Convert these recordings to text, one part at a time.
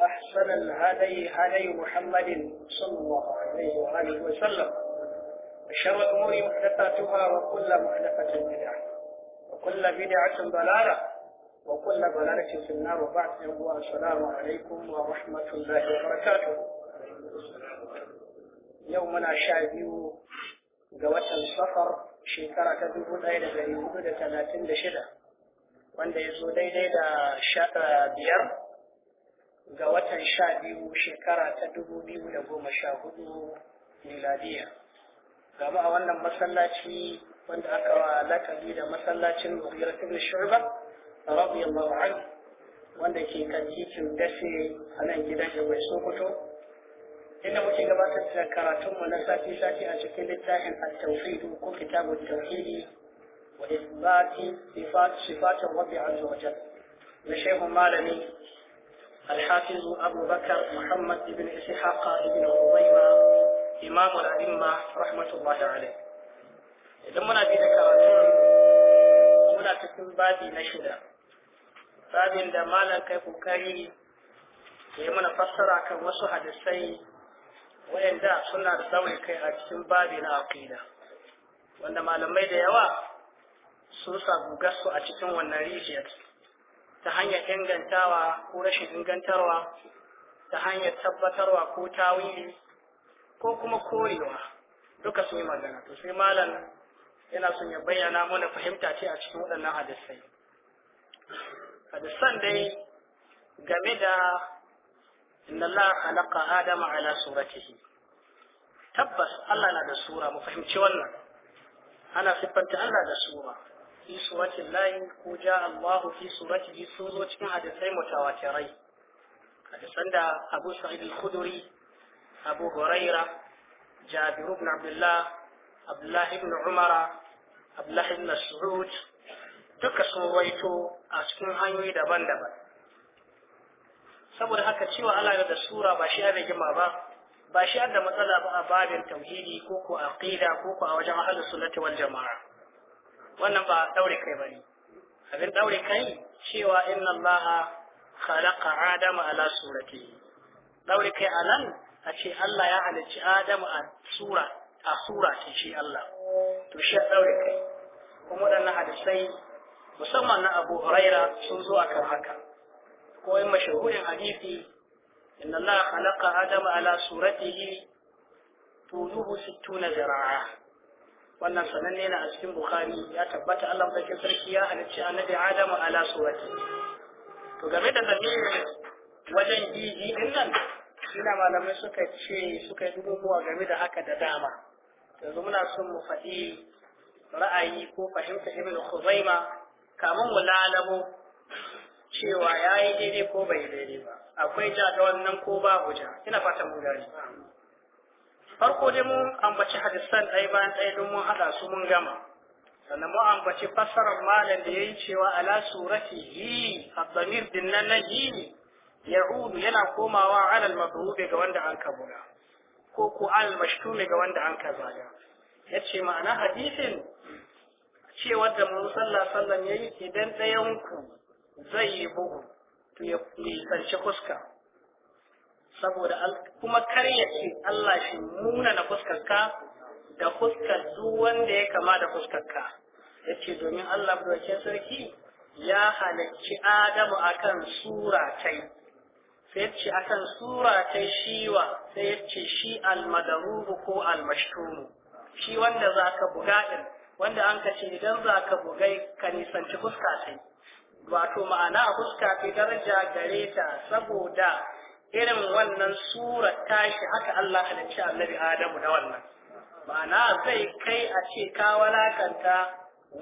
وأحسن الهدي هدي محمد صلى الله عليه وآله وسلم وشر الأمور محدثاتها وكل محدثة بدعة وكل بدعة ضلالة وكل ضلالة في النار وبعد السلام عليكم ورحمة الله وبركاته يومنا شعبي قوة السفر شكرا تدوه ليلة لأيوه لثلاثين لشدة وانده يزو ليلة شاب بيار ga watan sha biyu shekara ta dubu biyu da goma sha hudu miladiya gaba a wannan masallaci wanda aka wa lakabi da masallacin mughira ibn shu'ba radiyallahu anhu wanda ke kan titin dashe a nan gidan da bai sokoto inda muke gabatar da karatunmu na sati sati a cikin littafin at-tauhid ko kitabut tauhidi wa isbati sifat sifatan rabbi azza wa jalla na shehu malami الحافظ أبو بكر ibn بن إسحاق بن خزيمة إمام الأئمة رحمة الله عليه إذا منا بيد كراتون منا تكون بادي نشدة babin da malam kai kokari ya yi mana fassara kan wasu hadisai wayanda suna da tsawon kai a cikin babi na aqida wanda malamai da yawa sun sa gugarsu a cikin wannan rijiyar ta hanyar ingantawa ko rashin ingantarwa ta hanyar tabbatarwa ko tawili ko kuma korewa duka sun yi magana to sai malam yana son ya bayyana mana fahimta ce a cikin waɗannan hadisai hadisan dai game da inna Allah khalaqa adama ala suratihi tabbas Allah na da sura mu fahimci wannan ana siffanta Allah da sura fi suratul lahi ko ja Allahu fi suratihi sun zo cikin hadisai mutawatirai hadisan da Abu Sa'id al-Khudri Abu Huraira Jabir ibn Abdullah Abdullah ibn Umar Abdullah ibn Mas'ud duka sun waito a cikin hanyoyi daban-daban saboda haka cewa Allah da sura ba shi abin gima ba ba shi da matsala ba a babin tauhidi ko ko aqida ko ko a wajen ahlus sunnati wal jama'a wannan ba daure kai bane abin daure kai cewa inna allaha khalaqa adama ala surati daure kai anan a ce Allah ya halicci Adamu a sura a sura ta shi Allah to shi daure kai kuma wadannan hadisai musamman na Abu Huraira sun zo akan haka ko in mashahurin hadisi inna Allah khalaqa Adama ala suratihi طوله ستون ذراعا wannan sananne na a cikin bukari ya tabbata allah madaukin sarki ya halicci annabi adamu ala suwati to game da zamirin wajen gigi e din nan na malamai suka ce suka yi dubuwa game da haka da dama yanzu muna son mu faɗi ra'ayi ko fahimta ibn khuzaima kamun mu lalabo cewa yayi daidai ko bai daidai ba akwai ja da wannan ko babu ja ina fatan mu gani farko dai mun ambaci hadisan ɗaya bayan ɗaya don mun haɗa su mun gama sannan mun ambaci fassarar malam da yayi cewa ala suratihi ad-damir din nan na yi ya'udu yana komawa ala al ga wanda an kabula ko ko al mashtumi ga wanda an kazaga yace ma'ana hadisin cewa da mun sallah ya yayi idan ɗayan ku zai yi bugu to ya nisanci fuska saboda kuma kar ya ce Allah shi nuna na fuskarka da fuskar duk wanda ya kama da fuskarka ya ce domin Allah buwakin sarki ya halarci Adamu akan sura yi sai ya ce akan sura shi shiwa sai ya ce shi almadarubu ko almashtumu shi wanda za ka buga ɗin wanda an ka ce idan za ka bugai ka nisanci fuska yi wato ma'ana fuska ta daraja gare ta saboda irin wannan sura tashi haka Allah halicci annabi Adamu da wannan ma'ana zai kai a ce ka walakanta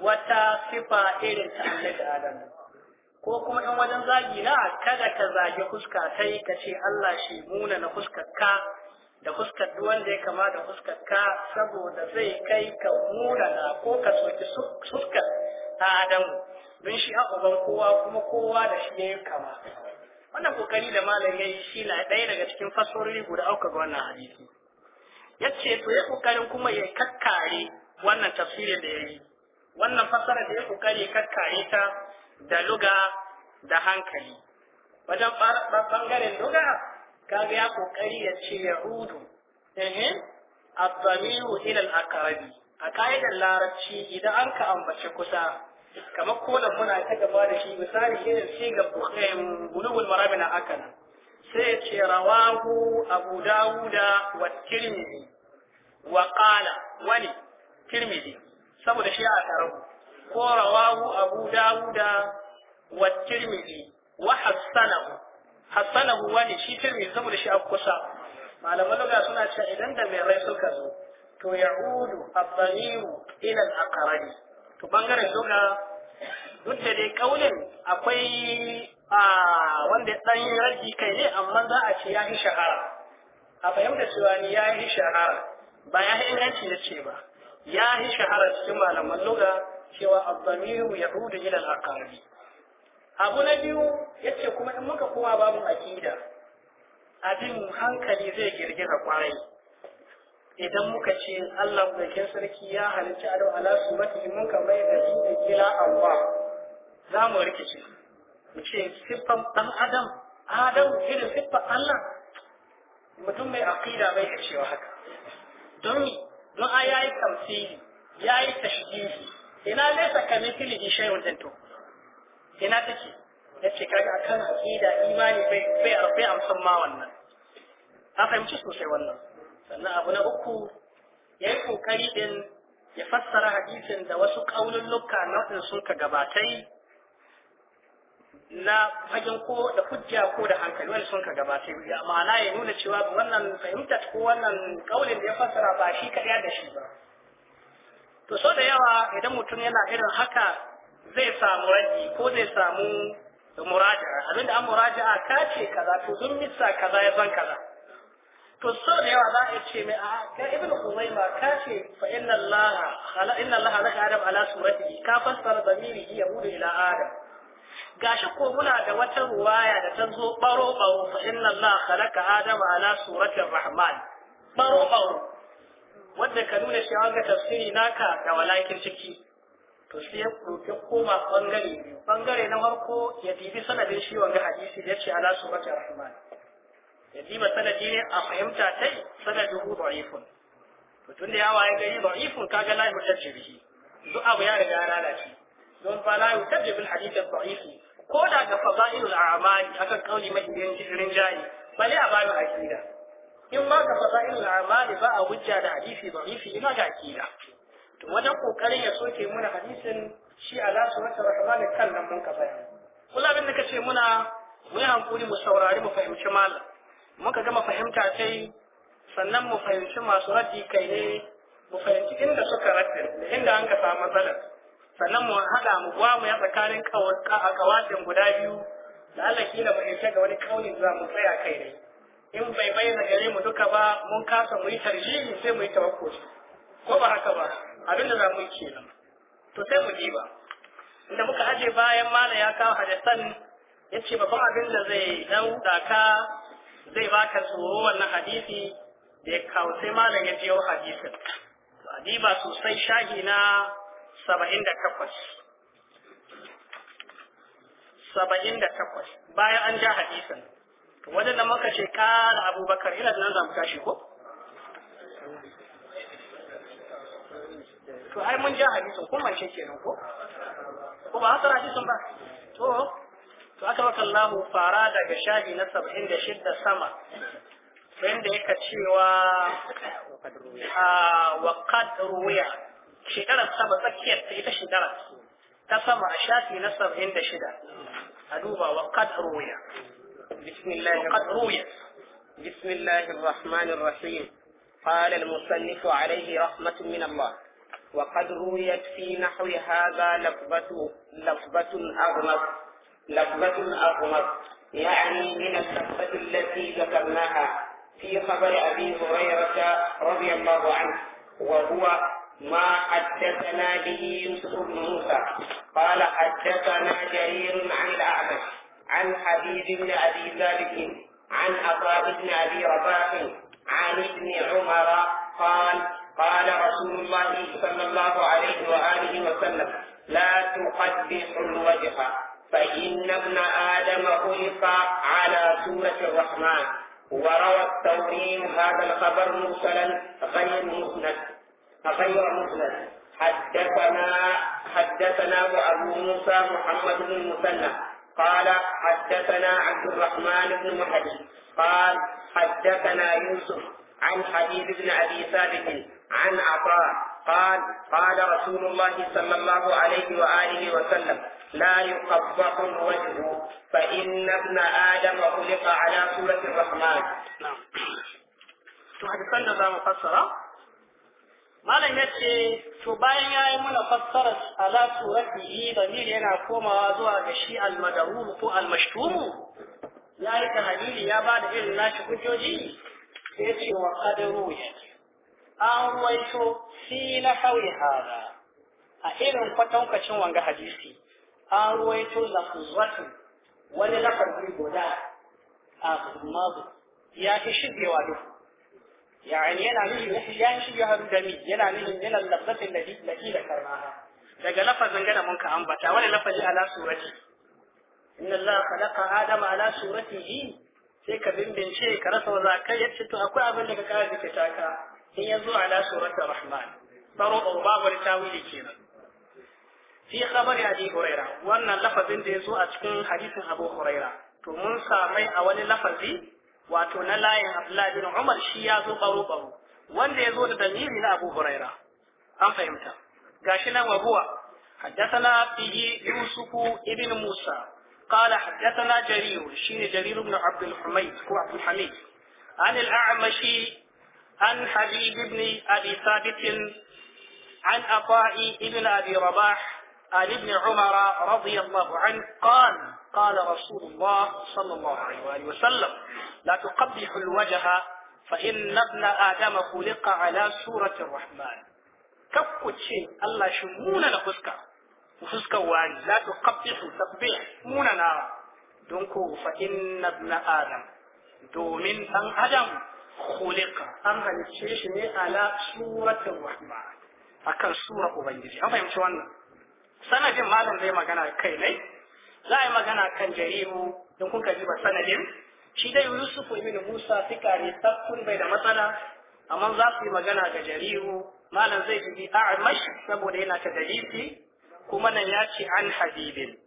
wata sifa irin ta annabi Adamu ko kuma in wajen zagi na kada ka zagi fuska sai ka ce Allah shi muna na fuskar ka da fuskar duk wanda ya kama da fuskar ka saboda zai kai ka muna na ko ka soki fuskar Adamu don shi a uban kowa kuma kowa da shi ya kama wannan kokari da malam ya yi shi na ɗaya daga cikin fasarori guda auka ga wannan hadisi ya ce to ya kokarin kuma ya kakkare wannan tafsirin da ya yi wannan fasara da ya kokari ya kakkare ta da luga da hankali wajen bangaren luga kaga ya kokari ya ce ya rudu ehem abdamiru ilal akarabi a ka'idar larabci idan an ka ambaci kusa kamar kolan muna ta gaba da shi misali shi ne shi ga bulugul marabi na akala sai ce rawahu abu dawuda wa tirmidhi wa qala wani tirmidhi saboda shi a tarahu ko rawahu abu dawuda wa tirmidhi wa hassanahu hassanahu wani shi tirmidhi saboda shi a kusa malaman lugha suna cewa idan da mai rai suka zo to ya'udu abdaniru ila al-aqrani to bangaren duka duk da dai kaulin akwai a wanda dan raji kai ne amma za a ce ya yi shahara a fahimta cewa ni ya yi shahara ba ya yi inganci da ce ba ya yi shahara cikin malaman lugha cewa abdamiru ya hudu ila al'akari abu na biyu ya ce kuma in muka koma babu akida abin hankali zai girgiza kwarai idan muka ce Allah mulkin sarki ya halicci adam ala mata mun ka mai da su ila Allah za mu rikice mu ce siffan dan adam adam irin siffan Allah mutum mai aqida bai ka cewa haka don mi don a yayi tamsili yi tashbihi ina zai laysa kamithlihi shay'un to ina take ce kaga akan aqida imani bai bai amsan ma wannan a fahimci sosai wannan sannan abu na uku ya yi kokari din ya fassara hadisin da wasu kaululluka na wadin sun ka gabatai na fagen ko da hujja ko da hankali wani sun ka gabatai ya ma'ana ya nuna cewa wannan fahimtar ko wannan ƙaunin da ya fassara ba shi kaɗaya da shi ba to so da yawa idan mutum yana irin haka zai samu raji ko zai samu muraja'a abinda an muraja'a ka ce kaza to zun missa kaza ya zan kaza to so da yawa za a ce mai a kai ibn umayma ka ce fa inna allaha khala inna allaha laka adam ala suratihi ka fassara zamiri yahudu ila adam gashi ko muna da wata ruwaya da ta zo baro baro fa inna allaha khalaqa adam ala surati rahman baro baro wanda ka nuna shi an ga tafsiri naka da walakin ciki to sai ya roƙi koma bangare biyu bangare na farko ya dibi sanadin shi wanga hadisi da ya ce ala surati rahman sanadi ne a fahimta tai sanaduhu da'ifun to tunda ya waye gari da'ifun kaga la yutajji bihi duk abu ya riga ya lalace don fa la yutajji bil hadith ad-da'if ko da ga fadailul a'mali akan kauli mai irin jari bale a bayan akida in ba ka fadailul a'mali ba a hujja da hadisi da'ifi ina ga akida to wajen kokarin ya soke muna hadisin shi Allah su wa ta'ala kan nan mun ka bayani kullabin da kace muna mu yi hankuri mu saurari mu fahimci malam muka gama fahimta sai sannan mu fahimci masu raddi kai ne mu fahimci inda suka da inda an ka samu matsalar sannan mu haɗa mu gwa mu ya tsakanin kawatin guda biyu da Allah kila mu isa ga wani kauni za mu tsaya kai ne in bai bai na gare mu duka ba mun kasa mu yi tarjihi sai mu yi tawakkuli ko ba haka ba abin da za mu yi kenan to sai mu diba inda muka aje bayan mala ya kawo hadisan yace babban abin da zai dan daka zai ba ka tsoro wannan hadisi da ya kawo sai malam ya biyo hadisin to adiba sosai shahi na saba'in da takwas saba'in da takwas bayan an ja hadisin to wajen muka ce kara abubakar ina nan za mu tashi ko to ai mun ja hadisin ko mace kenan ko ko ba haka hadisin ba to فأكرك الله فارادا قشاجي نصب عند شدة سما عند إيكا تشيوا آه، وقد رويا شدرة سما فكير تيتا شدرة تسمى أشاتي نصب عند شدة أدوبا وقد رويا بسم الله وقد رويا بسم الله الرحمن الرحيم قال المصنف عليه رحمة من الله وقد رويت في نحو هذا لفظة لفظة أغمض لفظة أغمض يعني من اللفظة التي ذكرناها في خبر أبي هريرة رضي الله عنه وهو ما حدثنا به يوسف بن موسى قال حدثنا جرير عن الأعمش عن حبيب بن أبي ذلك عن عطاء بن أبي رباح عن ابن عمر قال قال رسول الله صلى الله عليه وآله وسلم لا تقدسوا الوجه فإن ابن آدم خلق على سورة الرحمن وروى التوريم هذا الخبر مرسلا غير مسند غير مسند حدثنا حدثنا أبو موسى محمد بن المثنى قال حدثنا عبد الرحمن بن محدي قال حدثنا يوسف عن حبيب بن أبي ثابت عن عطاء قال قال رسول الله صلى الله عليه وآله وسلم لا يقبح الوجه فإن ابن آدم خلق على سورة الرحمن نعم تحدثنا ذا مفسرة malam ya ce to bayan ya yi mana fassara ala turati damir yana komawa zuwa ga shi ko almashtumu ya yi tahalili ya ba da irin nashi hujjoji sai ce wa qadaru ya an waito fi na hawi hada a irin kwatankwacin wanga hadisi an ruwaito lafzatu wani lafazi guda a mabu ya fi shigewa duk yani yana nufin ya fi ya haru da mi yana nufin yana lafzatin da laki da karmaha daga lafazin gana mun ka ambata wani lafazi ala surati inna allaha khalaqa adama ala suratihi sai ka bimbince ka rasa wa zakai yace to akwai abin da ka kara dikita ka in yazo ala surati rahman baro babu tawili kenan fi khabari abi huraira wannan lafazin da yazo a cikin hadisin abu huraira to mun samai a wani lafazi wato na layin abdullahi bin umar shi ya zo baro baro wanda ya zo da damiri na abu huraira an fahimta gashi nan wa huwa حدثنا به يوسف ابن موسى قال حدثنا جرير شين جرير بن عبد الحميد هو عبد الحميد عن الأعمش عن حبيب بن أبي ثابت عن أطاء ابن أبي رباح عن ابن عمر رضي الله عنه قال قال رسول الله صلى الله عليه وآله وسلم لا تقبح الوجه فإن ابن آدم خلق على سورة الرحمن شيء الله شمونا نفسك نفسك وان لا تقبح تقبح مونا نارا دونكو فإن ابن آدم دومين أن آدم خلق أن هنشيشني على سورة الرحمن أكل سورة أبنجي أفهم شوانا sanadin malam zai magana kai ne za a yi magana kan jariru don kuka ji ba sanadin shi dai yusuf ibn musa fikari tafkun bai da matsala amma za su yi magana ga jariru malam zai ji a mash saboda yana ta dalili kuma nan ya ce an habibin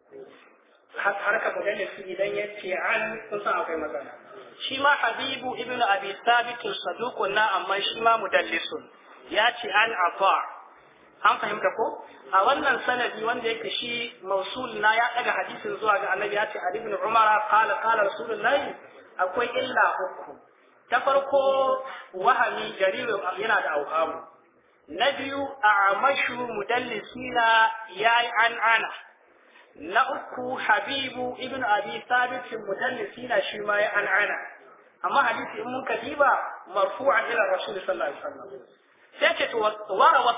har ka magana shi idan ya ce an kun san akwai matsala shi ma habibu ibn abi sabit saduqun na amma shi ma mudallisun ya ce an afa an fahimta ko a wannan sanadi wanda yake shi mausul na ya daga hadisin zuwa ga annabi ya ce ali ibn umara qala qala rasulullahi akwai illa uku ta farko wahami jariru yana da auhamu na biyu amashu mudallisina ya an ana na uku habibu ibn abi sabitin mudallisina shi ma ya an ana amma hadisi in muka diba marfu'an ila rasul sallallahu alaihi wasallam sai ce wara wa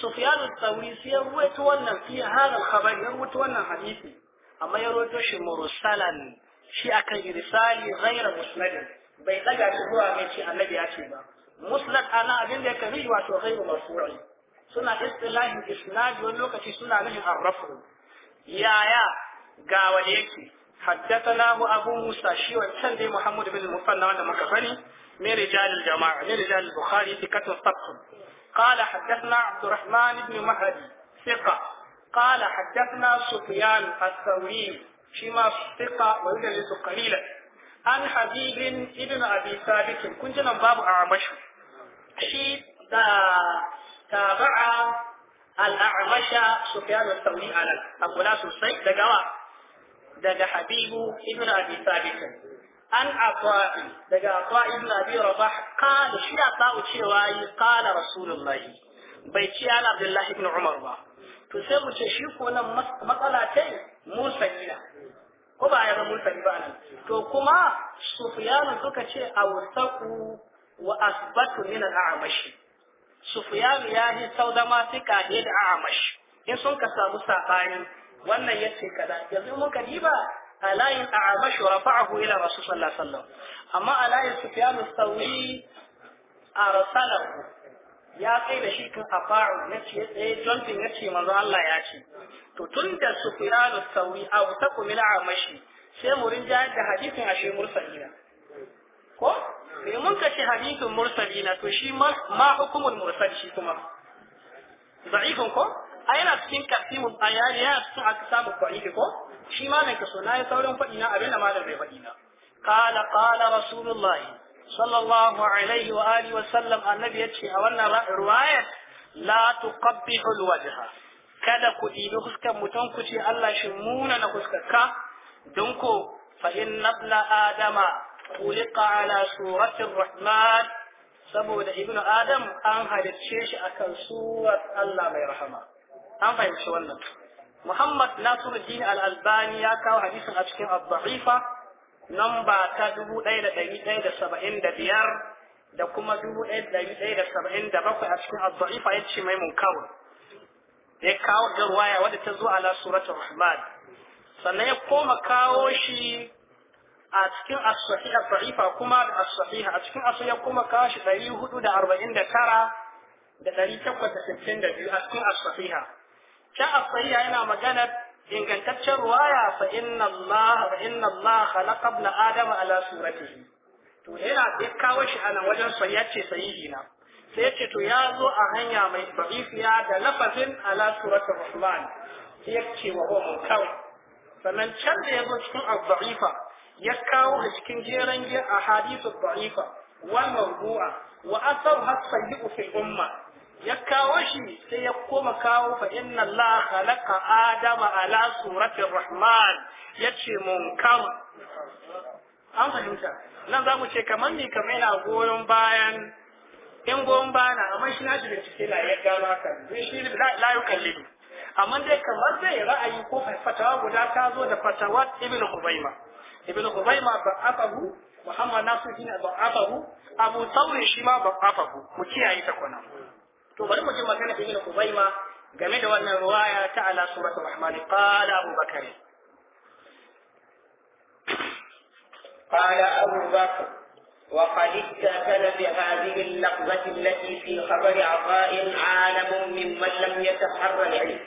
sufiyar tsauri sai ya ruwaito wannan fiye hana kabari ya ruwaito wannan hadisi amma ya ruwaito shi murusalan shi aka yi risali zaira musnadin bai daga shi zuwa mai ce ba musnad ana abin da ya kari wato zaira masurai suna istilahin isnadi wani lokaci suna nufin arrafu yaya ga wani yake haddasa mu abu musa shi wancan dai muhammadu bin musanna wanda muka sani ne rijalil jama'a ne rijalil bukhari fi قال حدثنا عبد الرحمن بن مهدي ثقة قال حدثنا سفيان الثوري فيما ثقة ويجلس قليلا عن حبيب ابن أبي ثابت كنت باب أعمش شيء تابع الأعمش سفيان الثوري على أبو لا سوسي دقوا حبيب ابن أبي ثابت an ata'i daga ata'i ibn abi rabah qala shi ata'u cewa yi qala rasulullahi bai ci an abdullahi ibn umar ba to sai mu ce shi ko nan matsala ce mursali ko ba ya zama mursali ba nan to kuma sufyan suka ce awsaqu wa asbatu min al-a'mashi sufyan ya yi saudama fika da a'mashi in sun ka samu sabani wannan yace kaza yanzu mun ka diba alayin a'amash rafa'ahu ila rasul sallallahu alaihi wasallam amma alayin sufyan al-thawri arsalahu ya kai da shi kan afa'u ya ce eh jumping ya ce manzo Allah ya ce to tun da sufyan al-thawri aw taqu min a'amash sai mu rinja da hadisin ashe mursalina ko me mun kace hadisin mursalina to shi ma ma hukumul mursal shi kuma da'ifun ko a yana cikin kasimul ayani yana cikin aksamul da'ifi ko shi ma mai kaso na ya sauran faɗi na abin da malam bai faɗi na qala qala rasulullahi sallallahu alaihi wa alihi wa sallam annabi yace a wannan riwayat la tuqabbihul wajha kada ku ɗibi fuskar mutum ku ce Allah shi muna na fuskar ka don ko fa inna ibna adama khuliqa ala suratir rahman saboda ibnu adam an halicce shi akan surar Allah mai rahama an fahimci wannan Muhammad Nasiruddin Al-Albani ya kawo hadisin a cikin Abdu'ifa ba ta dubu 1175 da da da da saba'in biyar kuma dubu da da da saba'in bakwai a cikin Abdu'ifa ya ce mai munkar. Ya kawo da ruwaya wadda ta zo ala suratul Rahman. Sannan ya koma kawo shi a cikin as-sahih kuma da as a cikin as ya kuma kawo shi hudu da arba'in da da da da tara takwas sittin biyu a cikin as can asaiya yana maganar ingantaccen ruwaya fa inna Allah fa inna Allah khalaqa ibn Adam ala suratihi to yana ya kawo shi anan wajen sahiya ce sahihi na sai yace to ya zo a hanya mai da'ifiya da lafazin ala suratul rahman sai yace wa huwa sannan can da ya zo cikin al daifa ya kawo a cikin jeran a hadithu da'ifa wal mawdu'a wa asar yi fil umma ya kawo shi sai ya koma kawo fa inna Allah khalaqa adama ala suratir rahman yace munkar an fahimta nan zamu ce kamar ni kamar ina goyon bayan in goyon bayan amma shi na shi bincike na ya gano haka zai shi la yukallidu amma dai kamar zai ra'ayi ko fatawa guda ta zo da fatawa ibn Hubayma ibn Hubayma ba afahu Muhammad Nasiruddin ba afahu Abu Tawri shi ma ba afahu mu kiyaye ta kuna to bari mu ji magana ibn Ubayma game da wannan ruwaya ta ala suratul rahman qala Abu Bakr وقد استأذن بهذه اللفظة التي في خبر عطاء عالم ممن لم يتحرى العلم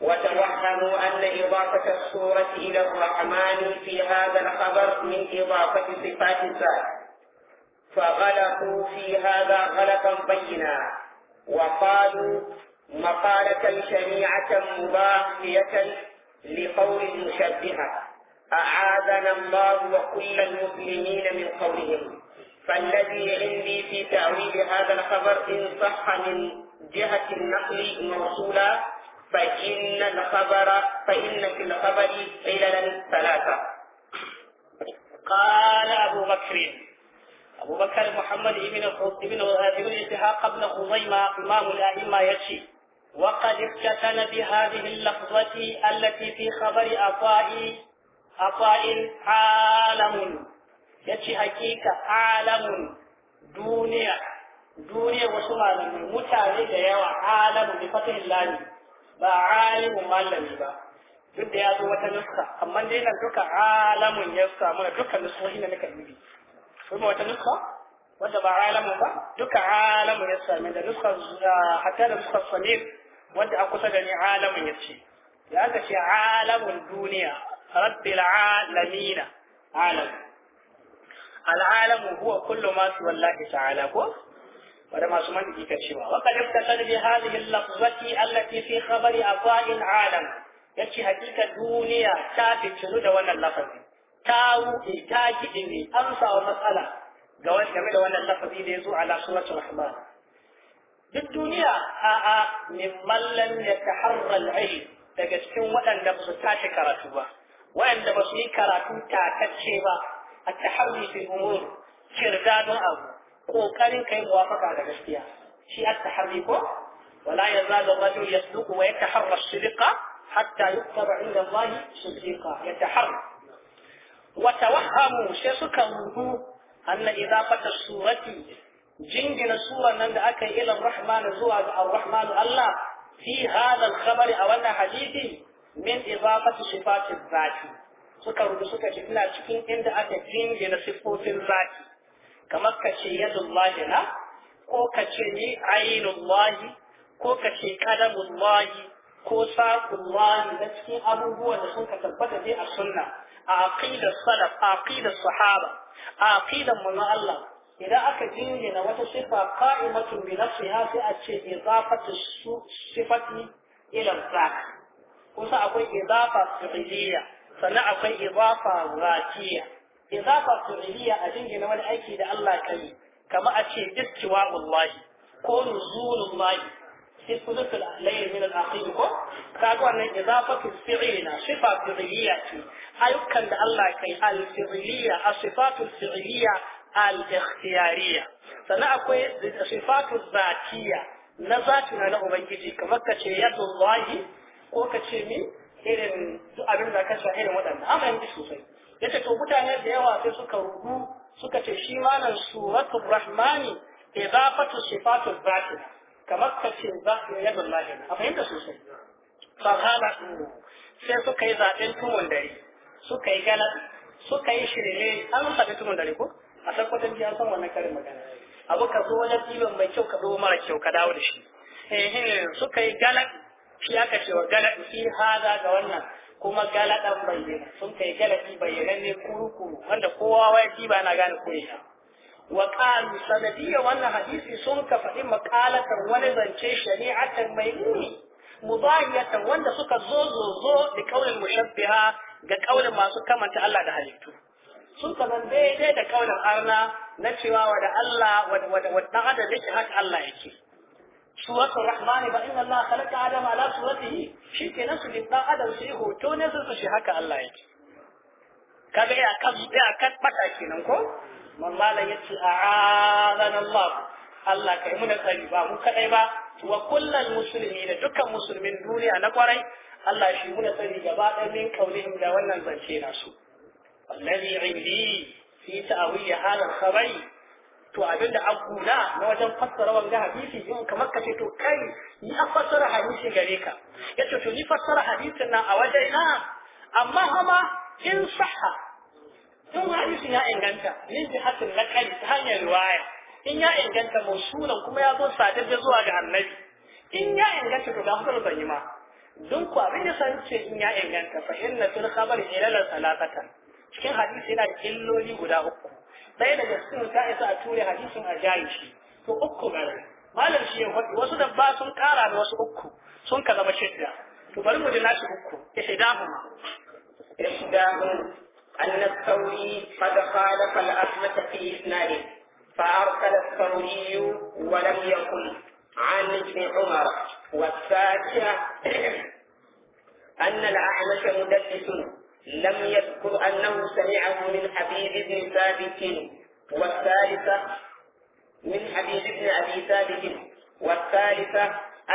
وتوهموا أن إضافة الصورة إلى الرحمن في هذا الخبر من إضافة صفات الذات فغلطوا في هذا غلطا بينا وقالوا مقالة شنيعة مباقية لقول المشبهة أعاذنا الله وكل المسلمين من قولهم فالذي عندي في تأويل هذا الخبر إن صح من جهة النقل موصولا فإن الخبر فإن في الخبر عللا ثلاثة قال أبو بكر أبو بكر محمد بن ابن ابن إسحاق بن خزيمة إمام الأئمة يشي وقد افتتن بهذه اللفظة التي في خبر أطاء أطاء عالم يشي حقيقة عالم دنيا دنيا وسمع متعلق يا عالم بفتح الله ba alimun malami ba duk da ya zo wata nuska amma dai nan duka alamun ya samu da dukkan nusohi na nika yi kuma wata nuska wanda ba alamun ba duka alamun ya sami da nuskar hatta da nuskar samir wanda a kusa da ni alamun ya ce ya aka ce alamun duniya rabbil alamina alam al'alamu huwa kullu ma fi wallahi ta'ala ko wanda masu mantiki ka cewa wa qad iftasal bi hadhihi al-lafzati allati fi khabari afa'il alam yace hakika duniya ta fitilu da wannan lafazi ta wuce ta kidi ne amsa wa matsala ga wani game da wannan lafazi da ya zo ala suratul rahman duk duniya a a min mallan ya taharra al-ilm daga cikin waɗanda ba su tashi karatu ba waɗanda ba su yi karatu takacce ba a taharri fil umur kirdadun abu kokarin kai muwafaka da gaskiya shi at-taharri ko wala yazalu rajul yasduqu wa yataharra as-sidqa hatta yuktaba inda Allah sidqa yataharra wa tawahhamu sai suka rubu anna fata surati jingina suran nan da aka yi ila rahman zuwa ga ar-rahman Allah fi hadha al-khabar a wannan hadisi min idafati sifati zati suka rubu suka ce ina cikin inda aka jingina sifofin zati kamar ka ce yadullahi na ko ka ce ni ainullahi ko ka ce kadamullahi ko saqullahi na cikin abubuwan da sun ka tabbata dai a sunna aqidar salaf aqidar sahaba aqidar manzo Allah idan aka jingina wata sifa qa'imatun bi nafsiha sai a ce idafatu sifati ila zat kusa akwai idafa fi'liya sannan akwai idafa zatiya idafa fi'liya a jingina wani aiki da Allah kai kama a ce istiwa ko nuzulullahi isku nusu layl min alakhir ko kaga wannan idafatu fi'ila sifa fi'iliya ce ayukan da Allah kai al fi'iliya asifatu fi'iliya al ikhtiyariya sannan akwai sifatu zatiya na zati na ubangiji kamar ka ce yadullahi ko ka ce ni irin abin da ka shahin wadanda amma yanki sosai yace to mutane da yawa sai suka rubu suka ce shi malam suratul rahmani idafatu sifatu zatiya kamar ka ce za su yi yadda lahi a fahimta sosai fahana sai suka yi zaɓen tuwon dare suka yi gana suka yi shirme an zaɓi tuwon dare ko a tabbatar ji an san wannan karin magana abu ka zo wajen ɗiban mai kyau ka zo mara kyau ka dawo da shi eh, eh, suka yi galak shi aka ce wa galak fi haza ga wannan kuma galadan bayyana sun kai bayyana ne kuru kuru wanda kowa waya ba na gane ko ya wa qalu sanadiyya wannan hadisi sun kafaɗi faɗi makalatan wani zance shari'atan mai muni mudahiyatan wanda suka zo zo zo da kaulin mushabbiha ga kaulin masu kamanta Allah da halittu sun ka zan daidai da kaulin arna na cewa wa da Allah wa da dan adam yake haka Allah yake suratul rahmani ba inna Allah khalaqa adama ala suratihi shikenan su yi hoto ne su shi haka Allah kenan ko man malam yace a'azana Allah Allah kai mu da ba mu kadai ba wa kullum musulmi da dukkan musulmin duniya na kwarai Allah shi mu da tsari gaba ɗaya min kaulihim da wannan zance na su wallazi indi fi ta'awiy halal khabari to abinda akuna na wajen fassara wanda hadisi in kamar ka ce to kai ni a fassara hadisi gare ka yace to ni fassara hadisin nan a wajen na amma hama in sahha in hadisin ya inganta min jihatin naqali ta hanyar riwaya in ya inganta mai mausulan kuma ya zo da zuwa ga annabi in ya inganta to ga hukumar ban yi ma don ku abin da san ce in ya inganta fa inna fil khabar ilal salatatan cikin hadisi yana illoli guda uku ɗaya daga cikin ta isa a ture hadisin a jayi shi to uku gari, malam shi ya faɗi wasu dabba sun ƙara da wasu uku sun ka zama shidda to bari mu ji nashi uku ya shaida mu ma ya shaida أن الثوري قد خالف الأحمة في إسناده فأرسل الثوري ولم يقل عن ابن عمر والثالثة أن الأعمش مدلس لم يذكر أنه سمعه من حبيب بن ثابت والثالثة من حبيب بن أبي ثابت والثالثة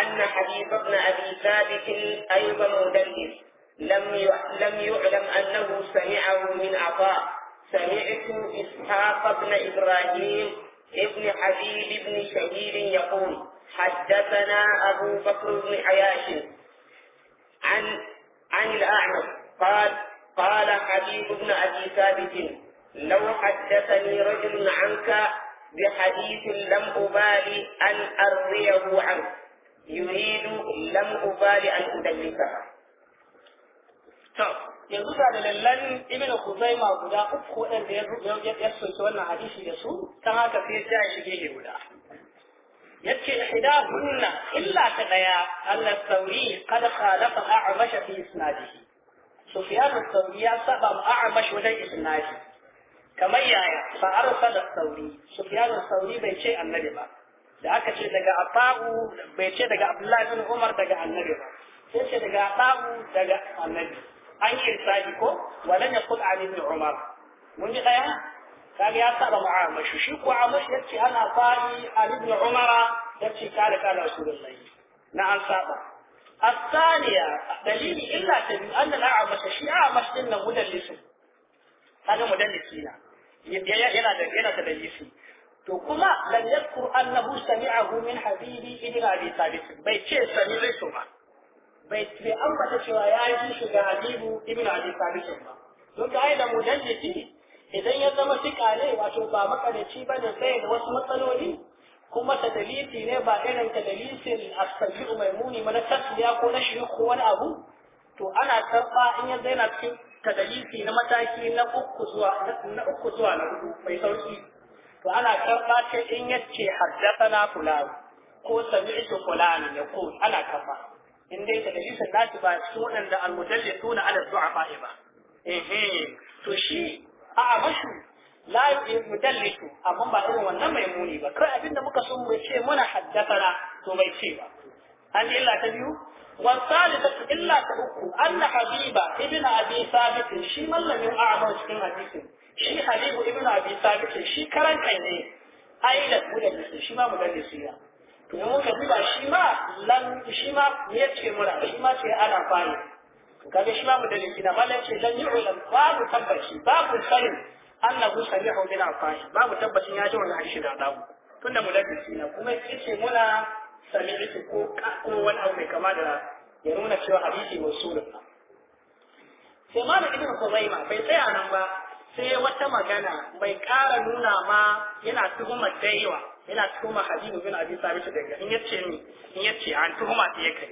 أن حبيب بن أبي ثابت أيضا مدلس لم لم يعلم أنه سمعه من عطاء سمعت إسحاق بن إبراهيم ابن حبيب بن شهيد يقول حدثنا أبو بكر بن عياش عن عن الأعمش قال قال حبيب بن أبي ثابت لو حدثني رجل عنك بحديث لم أبالي أن ارضيه عنك يريد لم أبالي أن أدلسه yanzu ga dalilan ibn Khuzaima guda uku waɗanda ya ya sunce wannan hadisi da su ta haka sai ya shige gehe guda yace ihdahunna illa ta daya Allah sauri kad khalafa a'mash fi isnadihi Sufyan al-Thawri ya saba a'mash wajen isnadi kamar yaya fa arsala al-Thawri Sufyan al-Thawri bai ce annabi ba da aka ce daga Abu bai ce daga Abdullah bin Umar daga annabi ba sai ce daga Abu daga annabi an yi ko walan yaqul an ibn umar mun ji daya kaga ya saba mu'amma shi shi ko amma yace ana fa'i an ibn umara yace kala kala rasulullahi na an saba الثانية دليل إلا تبي أن الأعمش شيعة مسلم مدلس هذا مدلسين yana da yana da dalisi to kuma lam yadhkur annahu sami'ahu min habibi ibn abi thabit bai ce sami su ba bai bai ambata cewa ya yi shi ga Habibu ibn Abi Sabit ba don ga da mu mujaddidi idan ya zama fika wato ba makarici ba ne sai da wasu matsaloli kuma ta dalili ne ba irin ta dalilin astabi'u mai muni mana tasliya ko na shi ko wani abu to ana tabba in ya zaina cikin ta dalili na mataki na uku zuwa na uku zuwa na hudu mai sauki to ana karba ta in yace haddathana fulan ko sami'tu fulan yaqul ana karba in dai da hadisin nashi ba cikin waɗanda almujallisuna ala du'afa ba eh to shi a abashu la mujallisu amma ba irin wannan mai muni ba kai abinda muka so mu ce muna haddathana to bai ce ba an illa ta biyu والثالثة إلا تأكو أن حبيب ابن أبي ثابت شي ملم أعمل شكين حديث شي حبيب ابن أبي ثابت شي كرن كيني أي لك مدلس شي ما مدلسية to mun ka duba shi ma lan shi ma yace mura shi ma ce ana fari to kaga shi ma mu da likina mallan ce dan yu'lam babu tabbaci babu sanin annahu samihu min afai babu tabbacin ya ji wannan hadisi da dawo tunda mu da likina kuma yace muna sami'tu ko ko wani abu mai kama da ya nuna cewa hadisi mausulun sai malam ibnu kuzaima bai tsaya nan ba sai wata magana bai kara nuna ma yana tuhumar daiwa yana tuhumar hadimu bin abi sabit daga in yace ni in yace an tuhuma ta yake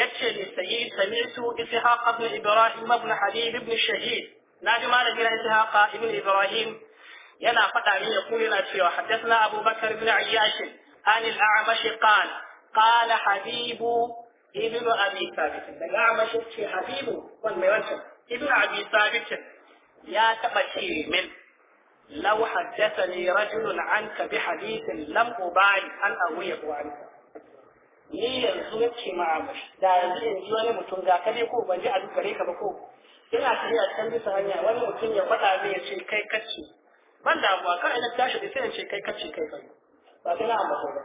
yace ni sai sami'tu ishaq ibn ibrahim ibn habib ibn shahid na ji ma da gira ishaq ibn ibrahim yana fada min ya kuma yana cewa hadathna abu bakr bin ayyash an al-a'mash qala qala habib ibn abi sabit daga a'mash ce habib wannan mai wancan ibn abi sabit ya taɓa ce min lau haddasa ne rajulun an ka bi hadisin lam ubali an awuya uwanka ni yanzu nake ma'amash da yanzu yanzu wani mutum ga ka ko ban ji a duk gare ka ba ko ina tafiya can bisa hanya wani mutum ya faɗa min ya ce kai kacce ban damuwa kar ina tashi da sai ya ce kai kacce kai kai ba sai na ambata ba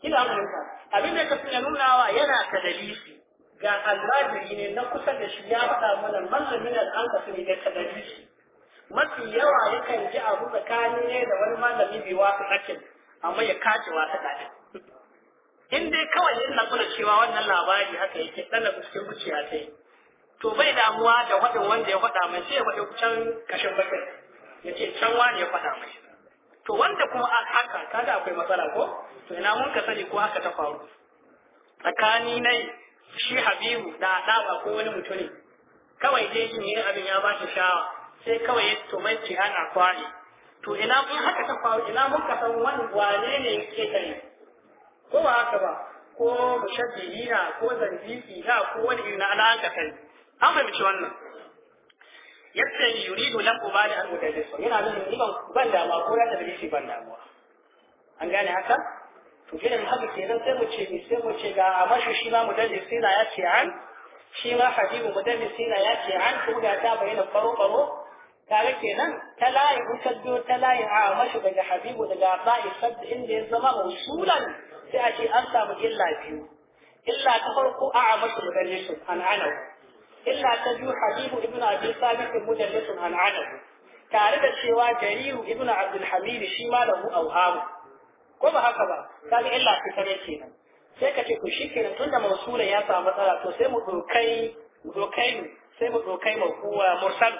kina fahimta abin da ka sanya nunawa yana ta dalili ga almajiri ne na kusa da shi ya faɗa mana mallamin su ne da kadari mafi yawa yakan ji abu tsakani ne da wani malami bai wasu hakin amma ya kace wasu ɗaɗin in dai kawai yin na kula cewa wannan labari haka yake da cikin zuciya sai to bai damuwa da wadin wanda ya faɗa mai sai ya faɗi can kashin bakin ya ce can wani ya faɗa mai to wanda kuma a haka kaga akwai matsala ko to ina mun ka sani ko haka ta faru tsakani nai shi habibu da ɗaba ko wani mutune kawai dai shi ne abin ya ba shi shawa sai kawai ya tumai jihad a kwari to ina mun haka ta faru ina mun ka san wani wane ne yake tare ko ba haka ba ko mushabbihi na ko zanzifi na ko wani irin alaka kai an fahimci wannan yadda yuridu uba da al mudallis yana nufin ban dama ko da tabilisi ban damuwa an gane haka to irin haka kenan sai mu ce mi sai mu ce ga mashu shi ma sina ya ce an shi ma habibu sina ya ce an kuma ga ta bayyana faro-faro? kaga kenan ta layi in ka biyo ta layi a mashu daga habibu daga ba'i sabda inda ya zama usulan sai a ce an samu illa biyu illa ta farko a a mashu mudallisun an anahu illa ta biyu habibu ibnu abi sabit mudallisun an anahu tare da cewa jariru Ibn abdul hamid shi ma mu awhamu ko ba haka ba kaga illa ce kare kenan sai ka ce to shikenan tunda mausula ya samu matsala to sai mu dokai mu dokai sai mu dokai kuwa mursal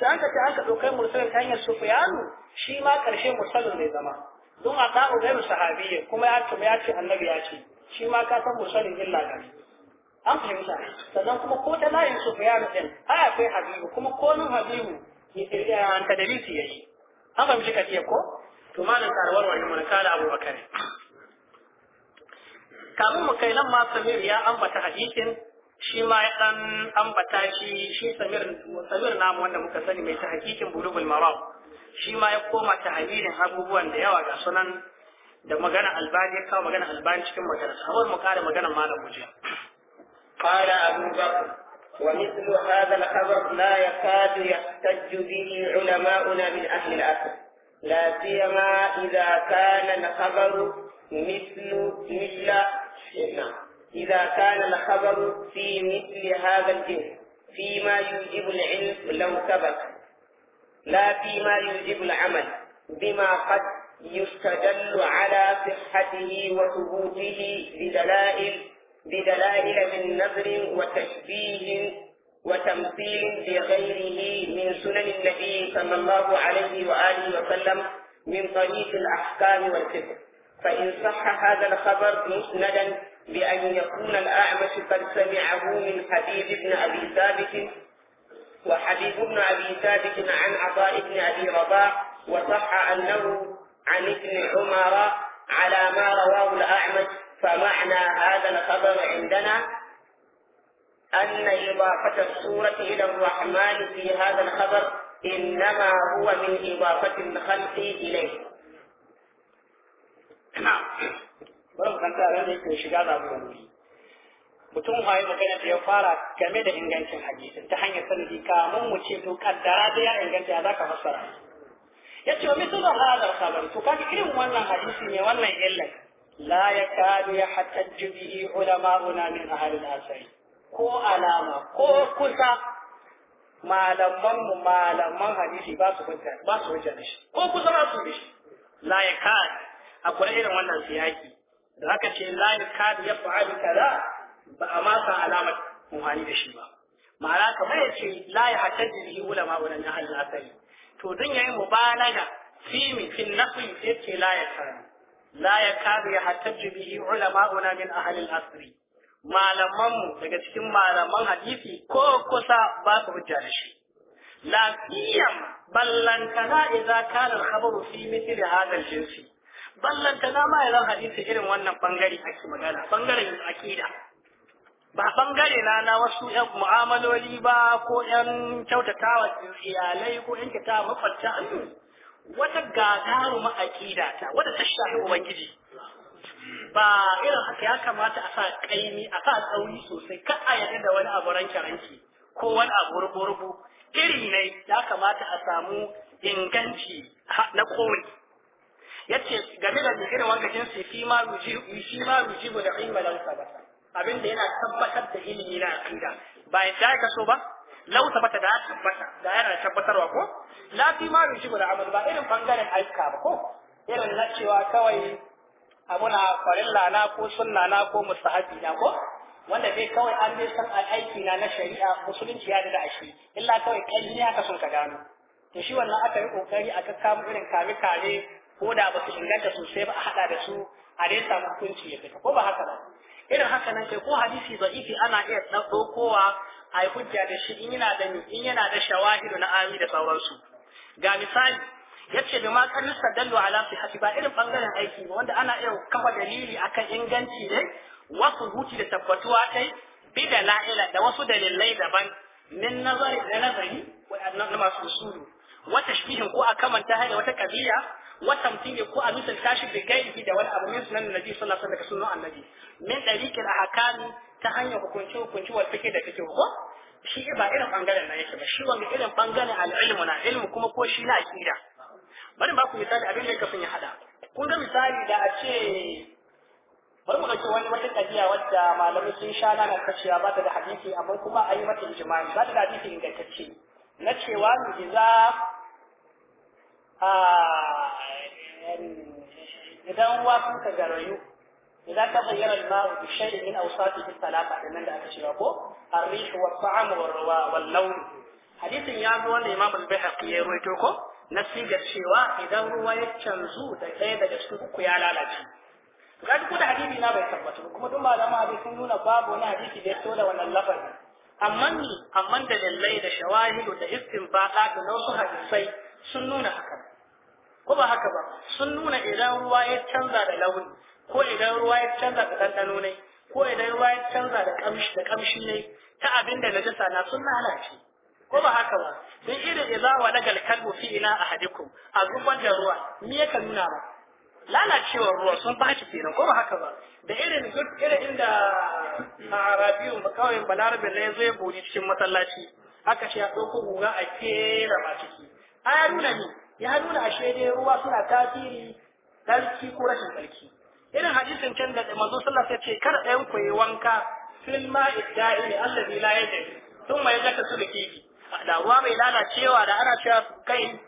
sai ka ce ka dokai mursal ta hanyar sufyanu shi ma karshe mursal ne zama don a ta'u gairu sahabiyya kuma ya ce ya ce annabi ya ce shi ma ka san mursalin illa ka an fahimta sannan kuma ko ta layin sufyanu din ai akwai habibu kuma ko nan habibu ya ta dalili yayi an fahimci ka ce ko to malam ka warware mana kala abubakar kamun mu kai nan ma samir ya ambata hadisin shi ma ya dan ambata shi shi samir samir namu wanda muka sani mai ta hakikin bulugul maram shi ma ya koma ta hadirin abubuwan da yawa ga sunan da magana albani ya kawo magana albani cikin magana sabar mu kare magana malam mujiya قال أبو بكر ومثل هذا الخبر لا يكاد يحتج به علماؤنا من أهل الأثر لا سيما إذا كان الخبر مثل مثل إذا كان الخبر في مثل هذا الجنس فيما يوجب العلم لو ثبت لا فيما يوجب العمل بما قد يستدل على صحته وثبوته بدلائل بدلائل من نظر وتشبيه وتمثيل لغيره من سنن النبي صلى الله عليه وآله وسلم من طريق الأحكام والفقه فإن صح هذا الخبر مسندا بأن يكون الأعمش قد سمعه من حبيب بن أبي ثابت وحبيب بن أبي ثابت عن عطاء بن أبي رباح وصح أنه عن ابن عمر على ما رواه الأعمش فمعنى هذا الخبر عندنا أن إضافة الصورة إلى الرحمن في هذا الخبر إنما هو من إضافة الخلق إليه نعم bari kanta ran da yake shiga zaburoni mutum haye magana da ya fara game da ingancin hadisin ta hanyar sanadi kamun mu ce to kaddara da ya inganta za ka fassara ya ce wa misalu hadar khabar to kaga irin wannan hadisi ne wannan illar la yakadu yahtajju bihi ulama'una min ahli al-asri ko alama ko kusa malaman mu malaman hadisi ba su hujja ba su hujja da shi ko kusa ba su da shi la yakad akwai irin wannan siyaki da haka ce la yakad ya fa'ali kaza ba a ma masa alamar muhani da shi ba ma'ana kamar ya ce la ya hatta bihi ulama wa lan yahal asali to dun yayi mubalaga fi min fi nafi yace la yakad la yakad ya hatta bihi ulama wa min ahli al-asri malamanmu daga cikin malaman hadisi ko kusa ba su hujja da shi lafiyan ballantana idan kana al-khabaru fi mithli hadha al-jinsi ballantana ma idan hadisi irin wannan bangare ake magana bangaren akida ba bangare na na wasu yan mu'amaloli ba ko yan kyautatawa iyalai ko yan kyautatawa mafarta wata gagaruma akida ta wadda ta shafi ubangiji ba irin haka ya kamata a sa kaimi a sa tsauni sosai ka a yadda da wani abu ranke ranke ko wani abu rubu rubu iri ne ya kamata a samu inganci na Ya ce game da zikirin wanga jinsi fi ma ruji fi ma ruji da ilma lausa ba, abinda yana tabbatar da ilimi na aqida ba ya ka so ba lau sabata da tabbata da yana tabbatarwa ko la fi ma ruji da amal ba irin bangaren aika ba ko irin na cewa kawai abuna farin na ko sunna na ko mustahabi na ko wanda dai kawai an dai san aiki na na shari'a musulunci ya da shi illa kawai kai ne aka sun ka gano to shi wannan aka yi kokari aka kama irin kame kare ko da ba su inganta sosai ba a hada da su a dai samu hukunci ya fita ko ba haka ba irin haka nan kai ko hadisi ifi ana iya ɗaukowa a yi hujja da shi in yana da in da shawahidu na ami da sauransu ga misali yace bi ma kan nustadallu ala sihhati ba irin bangaren aiki ba wanda ana iya kafa dalili akan inganci ne wasu huti da tabbatuwa kai bi da la'ila da wasu dalilai daban min nazari da nazari wa masu usulu wa tashbihin ko a kamanta hada wata kabiya wa tamthili ko a misal tashi bi gairi da wani abu min sunan annabi sallallahu alaihi wasallam daga sunan annabi min dariqil ahkami ta hanyar hukunci hukunci wal fiqh da fiqh ko shi ba irin bangaren nan yake ba shi wanda irin bangaren al'ilmu na ilmu kuma ko shi na aqida bari ba ku misali abin da kafin ya hada kun ga misali da a ce bari mu dauki wani wata kadiya wadda malamai sun sha na kacewa ba ta da hadisi amma kuma a yi mata ijma'i ba ta da hadisi ingantacce na cewa mu'jiza a idan wa sun ka garayu idan ta bayyana al ne a shay'in min awsatihi da nan da aka cewa ko ar wa ta'am wa rawa wal lawn hadisin ya zo wanda imamu al-bayhaqi ya ruwaito ko na ga cewa idan ruwa ya canzu da ɗaya daga cikin uku ya lalace ga duk da hadisi na bai tabbata kuma duk malama hadisi sun nuna babu wani hadisi da ya da wannan lafazi amma ni amma da lallai da shawahidu da istinbata da nau'u hadisai sun nuna haka ko ba haka ba sun nuna idan ruwa ya canza da launi ko idan ruwa ya canza da ɗanɗano ne ko idan ruwa ya canza da ƙamshi da ƙamshi ne ta abin da najasa na sun lalace ko ba haka ba sai irin idza wa dagal kalbu fi ina hadikun a zubar da ruwa me yake nuna ba lalacewar ruwa sun baci kenan ko ba haka ba da irin duk irin inda a arabiyun kawai balarabe na ya zo ya buri cikin masallaci aka shi ya ɗauko guga a kera ba ciki a ya nuna ni ya nuna ashe dai ruwa suna tasiri tsarki ko rashin tsarki irin hadisin can da manzo sallallahu sai ce kar ɗayan ku yi wanka fil ma'i da'ili allazi la yadri thumma yajaka sulkihi da ruwa mai lalacewa da ana cewa kai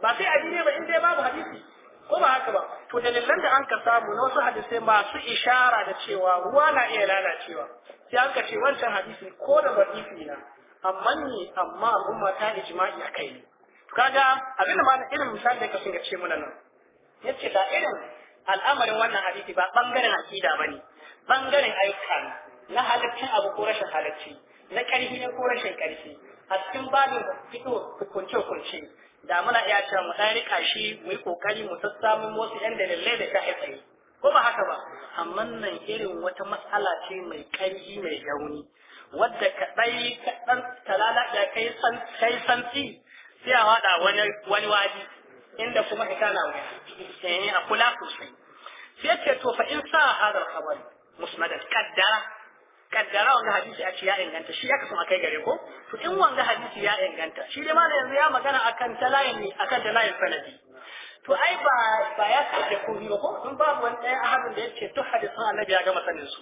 ba sai addini ba in dai babu hadisi ko ba haka ba to dalilan da an ka samu na wasu hadisai masu ishara da cewa ruwa na iya lalacewa sai an ka ce wancan hadisi ko da zarifi na amma ni amma al'umma ta ijma'i a kai to abin abinda ma irin misali da ka sun ce mana nan Ya ce da irin al'amarin wannan hadisi ba bangaren ba ne. bangaren ayyuka na halaccin abu ko rashin halacci na ƙarfi ne ko rashin ƙarfi a cikin babin fito kunce kunce da muna iya cewa mu dan rika shi mu yi kokari mu sassamu wasu yan dalilai da ta haifai, ko ba haka ba amma nan irin wata matsala ce mai ƙarfi mai rauni wadda kaɗai kaɗan talala ya kai san kai santi sai a wada wani wani waji inda kuma ita na wani eh, a kula sosai sai ce to fa in sa hadar khabari musnadat kaddara kaddara wanga hadisi a ce ya inganta shi ya kasan kai gare ko to in wanga hadisi ya inganta shi dai malam yanzu ya magana akan talayin ne akan talayin sanadi to ai ba ba ya kace ko ba ko don babu wani ɗaya ahadin da yace to hadisin annabi ya gama sanin su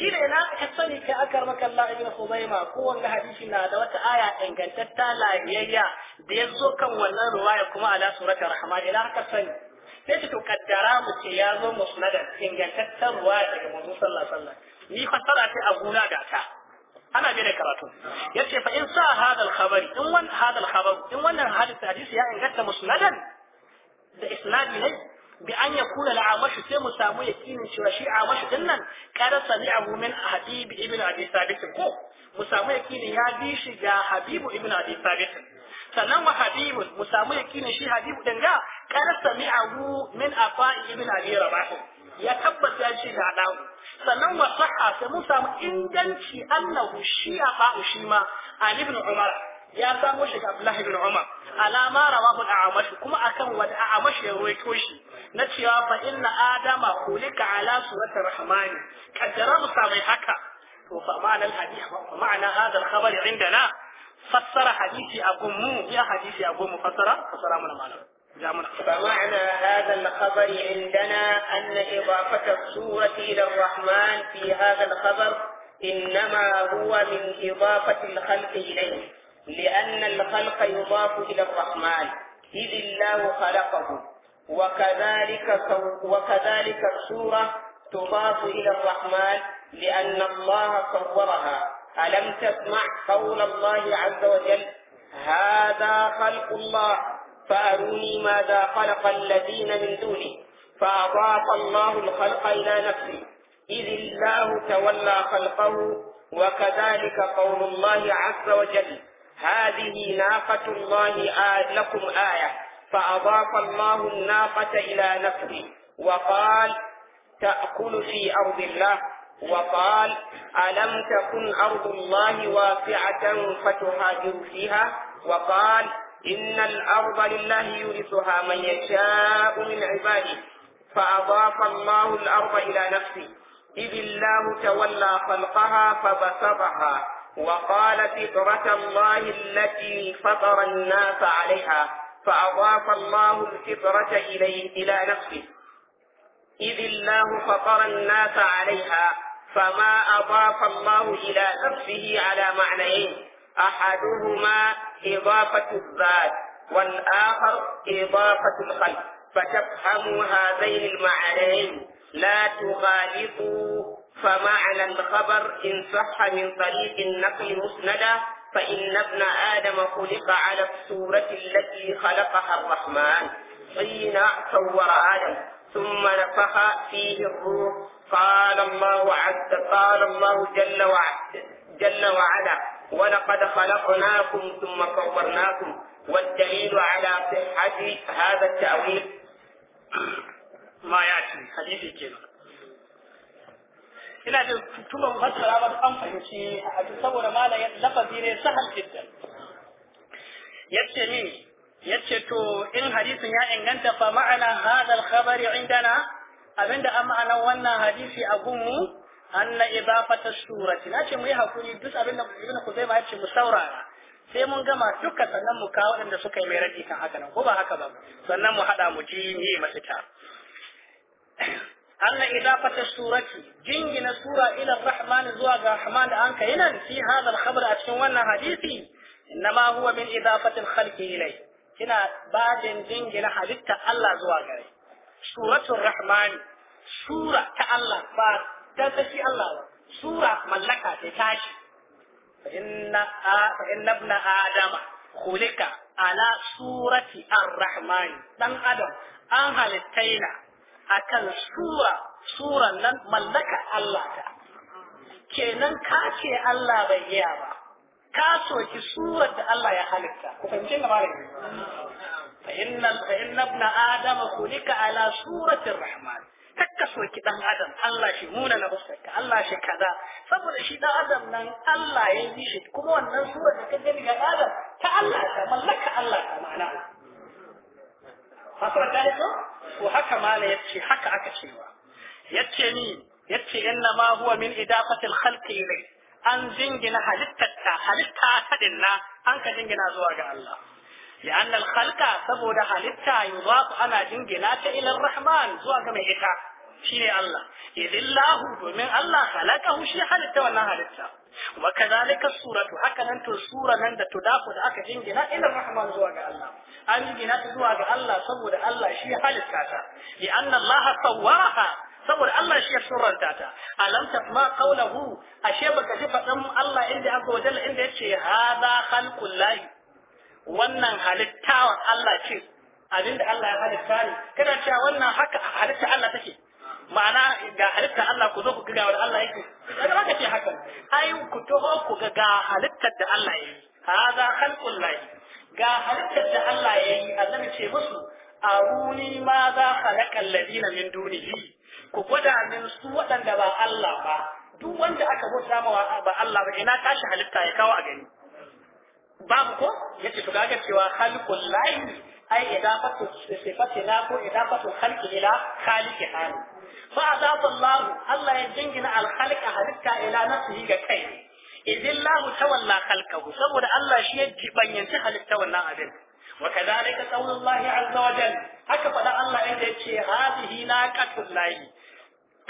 shi ne na ka sani ka akar maka Allah ibn Khuzaima ko wanga hadisi na da wata aya ingantatta lafiyayya da ya zo kan wannan ruwaya kuma ala suratul rahman ila ka sani sai to kaddara mu ce ya zo musnadan ingantattar ruwaya daga manzo sallallahu alaihi wasallam ni fassara ta abuna da ta ana bi da karatu yace fa in sa hadal khabari in wan hadal khabar in wannan hadisi hadisi ya inganta musnadan da isnadi ne bi an ya kula yakuna la'amashi sai mu samu yakinin cewa shi amashi din nan kada sami'ahu min habib ibn abi sabit ko mu samu yakinin ya bi shi ga habibu ibn abi sabit sannan wa habibun mu samu yakinin shi habibu din ga kada sami'ahu min afa ibn abi rabah ya tabbata shi da adamu sannan wa sahha sai mun samu inganci annahu shi a ba'u shi ma an ibn umar ya samo shi ga abdullah ibn umar alama rawahu al-a'mash kuma akan wanda a'mash ya ruwaito shi na cewa fa inna adama khuliqa ala surati rahmani kaddara musamai haka to fa ma'ana al-hadith wa ma'ana hadha al-khabar indana fassara hadisi a gunmu ya hadisi a gunmu fassara fassara mana malam نعم. فمعنى هذا الخبر عندنا أن إضافة السورة إلى الرحمن في هذا الخبر إنما هو من إضافة الخلق إليه لأن الخلق يضاف إلى الرحمن إذ الله خلقه وكذلك وكذلك السورة تضاف إلى الرحمن لأن الله صورها ألم تسمع قول الله عز وجل هذا خلق الله فأروني ماذا خلق الذين من دوني فأضاف الله الخلق إلى نفسه إذ الله تولى خلقه وكذلك قول الله عز وجل هذه ناقة الله آه لكم آية فأضاف الله الناقة إلى نفسه وقال تأكل في أرض الله وقال ألم تكن أرض الله واسعة فتهاجر فيها وقال إن الأرض لله يورثها من يشاء من عباده فأضاف الله الأرض إلى نفسه إذ الله تولى خلقها فبسطها وقال فطرة الله التي فطر الناس عليها فأضاف الله الفطرة إليه إلى نفسه إذ الله فطر الناس عليها فما أضاف الله إلى نفسه على معنيين أحدهما إضافة الذات والآخر إضافة الخلق فتفهموا هذين المعنيين لا تغالطوا فمعنى الخبر إن صح من طريق النقل مسندا فإن ابن آدم خلق على الصورة التي خلقها الرحمن حين صور آدم ثم نفخ فيه الروح قال الله عز قال الله جل وعلا جل وعلا ولقد خلقناكم ثم صورناكم والدليل على صحة هذا التأويل ما يأتي حديثي كده ina da tuma fassara ba an fahimci a saboda mala ya lafazi ne sahal jiddan yace ni yace to in hadisin ya inganta fa ma'ana hadal khabari indana abinda an ma'anan wannan hadisi a gunmu anna idafata surati na ce mu yi hakuri duk abin da ibnu kuzaima ya ce mu saurara sai mun gama duka sannan mu kawo waɗanda suka yi mai kan haka nan ko ba haka ba sannan mu haɗa mu ji ni mafita anna idafata surati jingina sura ila rahman zuwa ga rahman da an kai nan fi hadha al-khabar a cikin wannan hadisi innama huwa min idafati al-khalqi ilay kina bajin jingina halitta Allah zuwa gare suratul rahman sura ta Allah ba dan sai Allah ba sura mallaka ta tashi inna inna adama khuliqa ala surati ar-rahman dan adam an halittaina akan sura sura nan mallaka Allah ta kenan ka ce Allah bai iya ba ka soki surar da Allah ya halitta ku fahimce ga malami fa inna fa inna ibn adama khuliqa ala surati ar-rahman kakka soki dan adam Allah shi muna na fuskarka Allah shi kaza saboda shi dan adam nan Allah ya yi shi kuma wannan surar da ka gani ga adam ta Allah ta mallaka Allah ta ma'ana fasara ta ne ko haka mala yace haka aka cewa yace ni yace inna ma huwa min idafati al-khalqi ilay an jingina halitta halitta ta dinna an ka jingina zuwa ga Allah لأن الخلق سبود حالتا يضاف أنا جنجنات إلى الرحمن زوا كما إتا شيء الله إذ الله ومن الله خلقه شيء حالتا ولا حالتا وكذلك السورة هكذا أنت السورة من تدافع أك جنجنا إلى الرحمن زوا الله أن جنات زوا الله سبود الله شيء حالتا لأن الله صورها saboda Allah shi ya surranta ta alam tasma qawluhu ashe baka ji fadan Allah inda azza wajalla inda yace hadha khalqul lahi wannan halittawan Allah ce abinda Allah ya halitta ne kana cewa wannan haka halitta Allah take ma'ana ga halitta Allah ku zo ku ga wanda Allah yake kaga baka ce haka ai ku toho ku ga ga halittar da Allah yake hada khalqul lahi ga halittar da Allah yayi annabi ce musu aruni ma za khalaqal ladina min dunihi ku gwada min su waɗanda ba Allah ba duk wanda aka bauta ma ba Allah ba ina tashi halitta ya kawo a gani babu ko yace to kaga cewa khalqul lahi ai idafatu sifatina ko idafatu khalqi ila khaliqi hali fa adafa Allah Allah ya jingina al khalqa halitta ila nafsihi ga kai idin lahu tawalla khalqahu saboda Allah shi ya jibanyanci halitta wannan abin wa kadhalika qawlullahi azza wa jalla haka fada Allah inda yace hadhihi naqatul lahi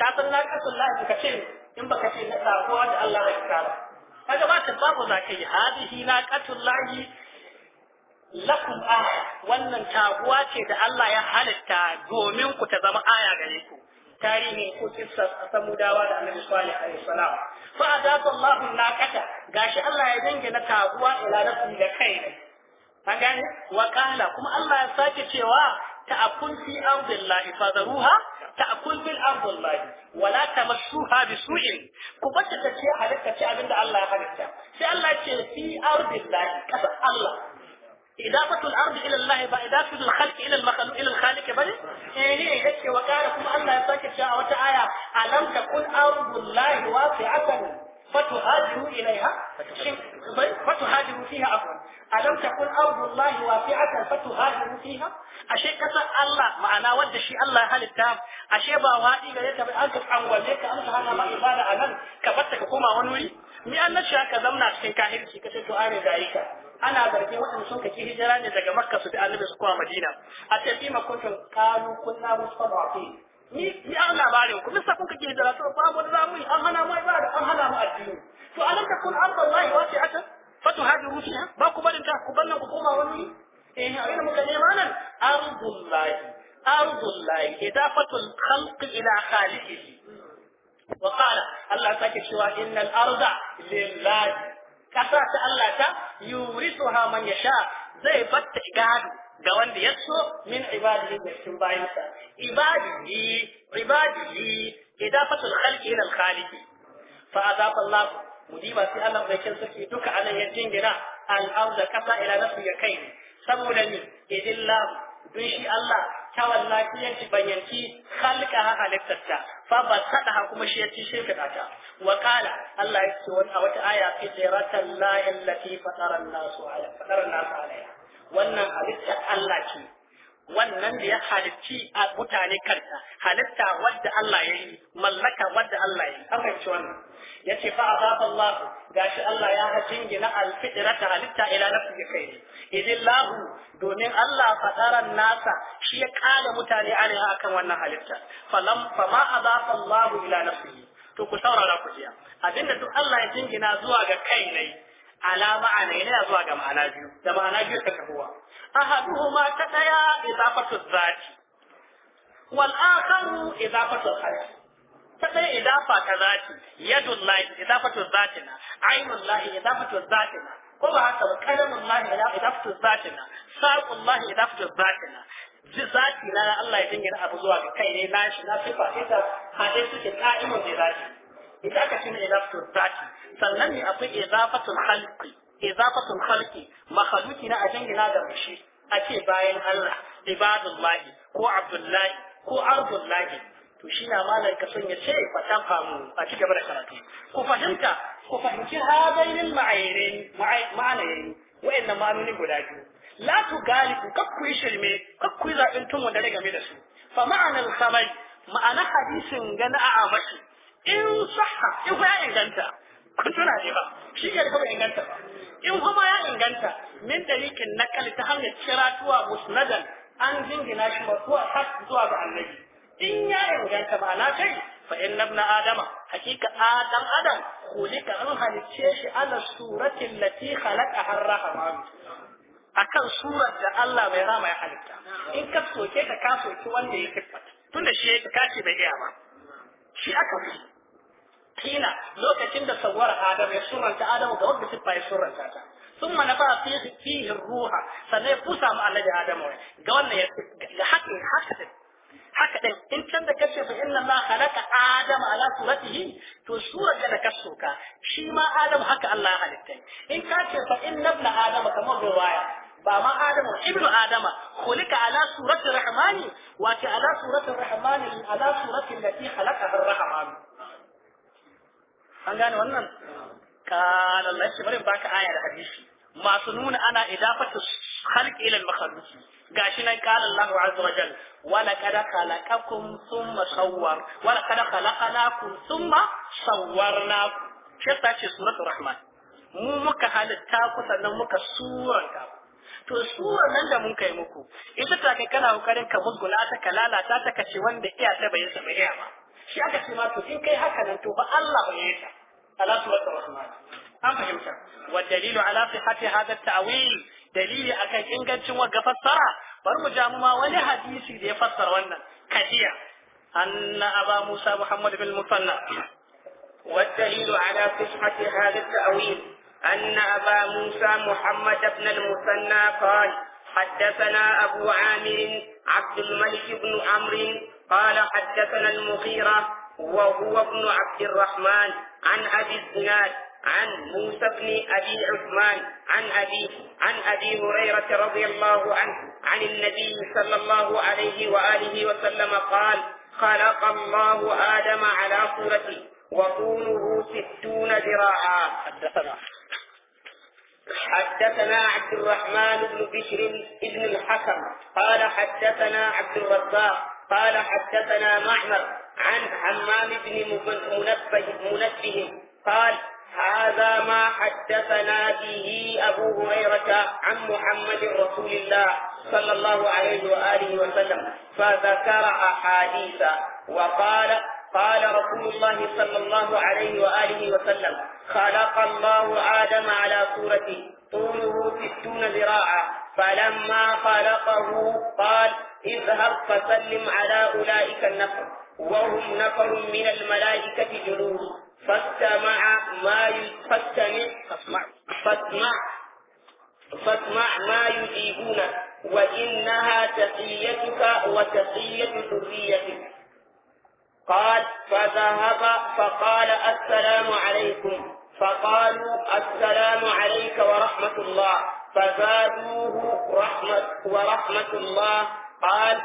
ka san naqatul lahi kace in baka ce na sabuwa da Allah ya kara kaga ba ta babu za ka yi hadihi na lakum aya wannan taguwa ce da Allah ya halitta domin ku ta zama aya gare ku tarihin ko kissa samudawa da annabi sallallahu alaihi wasallam fa adaka Allahu naqata gashi Allah ya na taguwa ila rasul da kai ne kaga wa kala kuma Allah ya sake cewa تأكل في أرض الله فذروها تأكل في الأرض الله ولا تمسوها بسوء كبت تشيء حدث تشيء عند الله حدث شيء الله يشيء في أرض الله كذا الله إضافة الأرض إلى الله فإضافة الخلق إلى المخلوق إلى الخالق بل إيه هيك وقال كم الله يسكت شاء وتعالى ألم تكن أرض الله واسعة فتهاجروا إليها فتهاجروا فيها عفوا ألم تكن أرض الله واسعة فتهاجروا فيها أشيء كسر الله معنا ود شيء الله هل التام أشيء بوادي غيرت بالأنك عن وليك أنت أنا ما إبادة أنا كفتك كما ونولي mi an nace haka zamna cikin kahirci kace to are da aika ana zargin waɗanda sun kaki hijira ne daga makka su bi annabi su kuma madina a tafi makuntum kalu kunna mustadafin ni ni an labarin ku bisa kun kake da rasu babu wani zamu an hana mu ibada an hana mu addini to alam takun ardallahi wasi'ata fatuhajiru fiha ba ku barin ta ku bannan ku koma wani eh a ina muka nema nan ardullahi ardullahi idafatul khalqi ila khaliqihi wa qala Allah sake cewa innal arda lillahi kasa ta Allah ta yurisuha man yasha zai batta gado ga wanda ya so min ibadihi da cikin bayansa ibadihi ibadihi idafatul khalqi ila al-khaliqi fa adaba Allah mudiba sai Allah bai kin sarki duka anan ya jingina al-arda kasa ila nafsi ya kai saboda ni idillah dun shi Allah ta wallahi yanci banyanci khalqa halittarta fa ba sada kuma shi ya ci shirka ta wa qala Allah ya ce wata aya fi siratan la illati fatara an-nasu ala fatara an-nasu wannan halitta Allah ce wannan da ya halitti a mutane kanta halitta wadda Allah ya yi mallaka wadda Allah ya yi Amma fahimci wannan ya ce fa azaba Allah gashi Allah ya jingina alfidira ta halitta ila nafsi kai idin lahu domin Allah fadaran nasa shi ya kala mutane alaiha akan wannan halitta falam fama azaba Allah ila nafsi to ku saurara ku jiya abinda duk Allah ya jingina zuwa ga kai ne ala ma'ana yana zuwa ga ma'ana biyu da ma'ana biyu ta kahuwa ahaduhuma ta daya idafatu zati wal akharu idafatu khalqi ta daya idafa ta zati yadullahi idafatu zatina lahi idafatu zatina ko ba haka ba kalamun lahi idafatu zatina saqullahi idafatu zatina ji zati na Allah ya dinga abu zuwa ga kai ne shi na sifa ita hadisi suke ka'imun zati idan ka shine idafatu zati sannan ne akwai izafatul khalqi izafatul khalqi makhluki na ajangina da shi ake bayan Allah ibadullahi ko abdullahi ko ardullahi to shi na malar ka son ya ce fata famu a ci gaba da karatu ku fahimta ku fahimci hadainin ma'ayirin ma'anayin wa'annan ma'anonin guda biyu la tu galibu kakku yi shirme kakku yi zaɓin tun wanda game da su fa ma'anar samai ma'ana hadisin gana a amashi in sahha in ya inganta suna ne ba shi ne kuma inganta ba in kuma ya inganta min dalikin nakal ta hanyar kiratuwa musnadan an jingina shi marfu'a har zuwa ga annabi in ya inganta ba na kai fa inna ibn adama hakika adam adam khuliqa an halicce shi ala surati lati khalaqa ar-rahman akan surar da Allah bai rama ya halitta in ka soke ka ka soki wanda ya siffata tunda shi ya kace bai iya ba shi aka fi kila lokacin da sawwara adam ya surranta adamu ga wadda siffa ya surranta ta ثم نفع فيه فيه ruha sannan kusa ma annabi adamu ga wannan ga hakin haka haka din in can da kace fa inna ma khalaqa adama ala suratihi to surar da ka soka shi ma adam haka Allah halitta in ka ce fa inna ibna adama kamar riwaya ba ma adama ibnu adama khulika ala surati rahmani wa ta ala surati rahmani ala surati allati khalaqa ar-rahman an gane wannan قال الله يشمر باك آية الحديث ما سنون أنا إضافة الخلق إلى المخلوق قاشنا قال الله عز وجل ولقد خلقكم ثم صور ولقد خلقناكم ثم صورناكم شرطة سورة rahman. mu muka halitta ku sannan muka suranta to sura nan da mun kai muku ita ta kai kana kokarin ka musgula ta ka lalata ta kace wanda iya ta bai sa bai ba shi aka ce ma to in kai haka nan to fa Allah bai yi ta ala suratu rahman an fahimta wa dalilu ala sihhati hadha ta'wil dalili akan ingancin wa fassara bar mu jamu ma wani hadisi da ya fassara wannan kadiya anna aba musa muhammad bin musanna والدليل على صحة هذا التأويل أن أبا موسى محمد بن المثنى قال حدثنا أبو عامر عبد الملك بن عمرو قال حدثنا المغيرة وهو ابن عبد الرحمن عن أبي الزناد عن موسى بن أبي عثمان عن أبي عن أبي هريرة رضي الله عنه عن النبي صلى الله عليه وآله وسلم قال خلق الله آدم على صورته وطوله ستون ذراعا حدثنا حدثنا عبد الرحمن بن بشر بن الحكم قال حدثنا عبد الرزاق قال حدثنا معمر عن حمام بن منبه قال هذا ما حدثنا به أبو هريرة عن محمد رسول الله صلى الله عليه وآله وسلم فذكر أحاديث وقال قال رسول الله صلى الله عليه وآله وسلم خلق الله آدم على صورته طوله ستون ذراعا فلما خلقه قال اذهب فسلم على أولئك النفر وهم نفر من الملائكة جنود فاستمع ما فاستمع فاسمع فاسمع ما يجيبون وإنها تحيتك وتحية ذريتك قال فذهب فقال السلام عليكم فقالوا السلام عليك ورحمة الله فزادوه رحمة ورحمة الله قال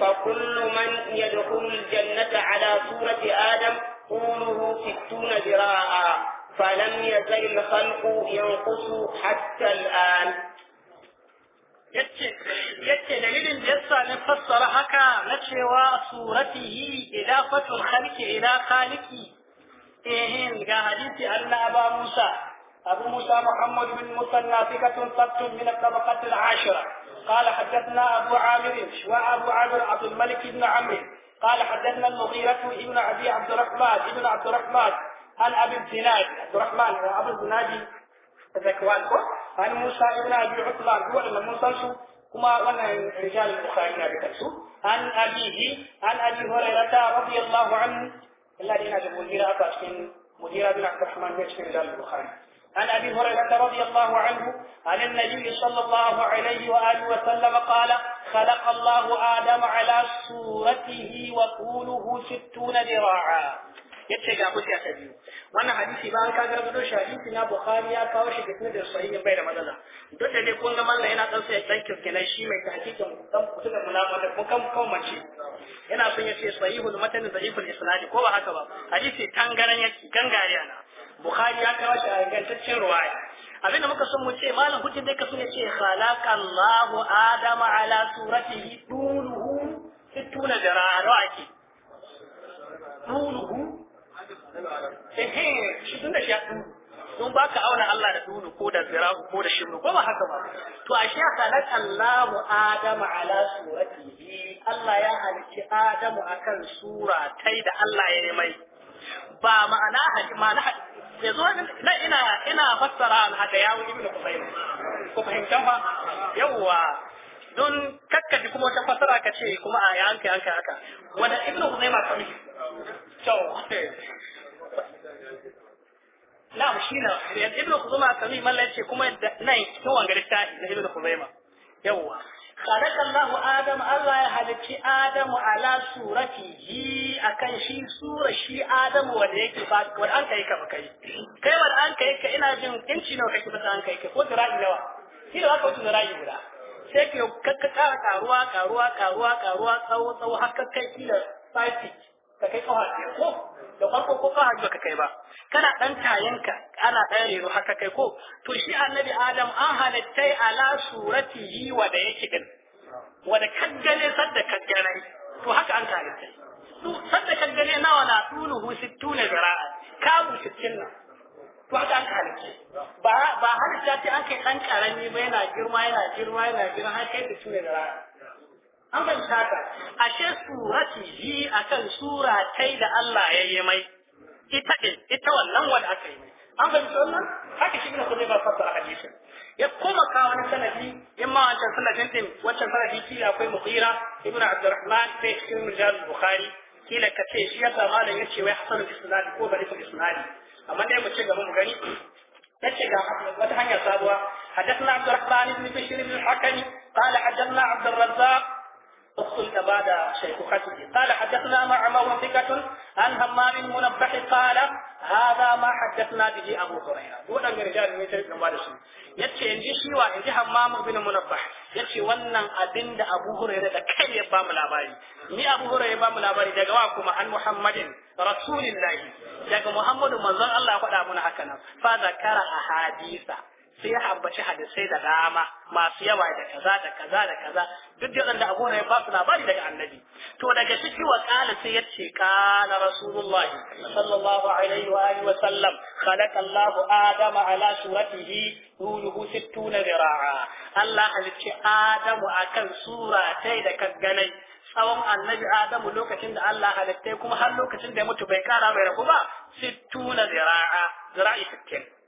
فكل من يدخل الجنة على صورة آدم طوله ستون ذراعا فلم يزل الخلق ينقص حتى الآن yace dalilin da yasa na fassara haka na cewa suratihi idafatul khalqi ila khaliqi eh ga hadisi Allah ba Musa Abu Musa Muhammad bin Musanna fikatun sabtun min al-tabaqati al-ashira قال حدثنا أبو عامر وأبو عامر عبد الملك بن عمرو قال حدثنا المغيرة ابن أبي عبد الرحمن ابن عبد الرحمن عن أبي الزناد عبد الرحمن هو أبو الزناد ذكوان عن موسى ابن أبي عثمان هو لما موسى كما وانا رجال البخاري نبي عن أبيه عن أبي هريرة رضي الله عنه الذي نجم مديرة أبا مدير بن عبد الرحمن بن رجال البخاري عن أبي هريرة رضي الله عنه عن النبي صلى الله عليه وآله وسلم قال خلق الله آدم على صورته وطوله ستون ذراعا yace ga mutu ta biyu wannan hadisi ba an kaga gado shi hadisi na bukhari ya kawo shi gaskiya da sahihin bai da matsala duk da dai kun ga mallan yana dan sai dan kirkina shi mai tahqiqin dan kutu da kuka kan mace yana son yace sahihul matan dhaiful isnad ko ba haka ba hadisi tangaran yake gangariya na bukhari ya kawo shi a ingantaccen ruwaya da muka son mu ce malam hujjin dai kasu ya ce khalaqa Allahu Adama ala suratihi duluhu sittuna da rawa ake. duluhu ehe shi tun da shi ya dulu don ba ka auna Allah da dunu ko da zirahu ko da shimru ko ba haka ba to a shi halak Allahu Adama ala suratihi Allah ya halici Adamu akan sura tai da Allah ya yi mai ba ma'ana haɗi. ma'ana yanzu na ina ina fassara al-hadayawi ibn Qusaym ko fahimta ba yawwa don kakkaji kuma wata fassara ka ce kuma a ya hanka hanka haka wanda ibn Qusaym ka miki to na'am shine ibn Qusaym ka miki mallan ce kuma nan cikin wangar tashi na ibn Qusaym yawwa Karakallahu Adamu, Allah ya halicci Adamu ala suratihi kan shi sura shi Adamu wanda yake ba wanda an kai kai. Kai wanda ka ina jin inci nawa kake fata an kai ka ko zira'i nawa. Shi da aka wuce zira'i guda. Sai ke kakka kara karuwa karuwa karuwa karuwa tsawo tsawo har kai kila 5 feet ka kai kafa ko da farko ko ka hajji kai ba kana dan tayanka ana dan rero haka kai ko to shi annabi adam an halittai ala yi wa da yake din wa da kaggane sadda kaggane to haka an halittai to sadda kaggane nawa na tuluhu 60 zira'a kamu 60 nan. to haka an halittai. ba ba halitta ce an kai dan karami ba yana girma yana girma yana girma har kai da tune zira'a an ban taka ashe surati hi akan sura kai da Allah ya yi mai ita din ita wannan wanda aka yi mai an ban wannan haka shi ne kuma ba fasara hadisin ya kuma ka wani sanadi in ma wancan sanadin din wancan sanadi shi akwai mughira ibnu abdurrahman sai cikin rijal bukhari kila ka ce shi yasa malam yace wai hasan isnad ko bari fa isnad amma dai mu ce gaba mu gani yace ga wata hanya sabuwa حدثنا عبد الرحمن بن بشير بن الحكم قال حدثنا عبد الرزاق الصلت بعد شيخوخته قال حدثنا معمر ثقة عن همام منبح قال هذا ما حدثنا به من رجال yace in ji shiwa in yace wannan abin da Abu kai ya bamu labari ni Abu Hurairah ya bamu labari daga wa kuma an Muhammadin rasulillahi daga Muhammadu manzon Allah ya faɗa mana haka nan fa sai ya ambaci hadisai da dama masu yawa da kaza da kaza da kaza duk da wanda abu ya ba su labari daga annabi to daga ciki wa kala sai ya ce kana rasulullahi sallallahu alaihi wa alihi wa sallam khalaqa Allah ala suratihi ruhu 60 zira'a Allah halicci Adamu akan sura tai da kagganai tsawon annabi Adamu lokacin da Allah halittai kuma har lokacin da ya mutu bai kara bai rabu ba sittuna zira'a zira'i 60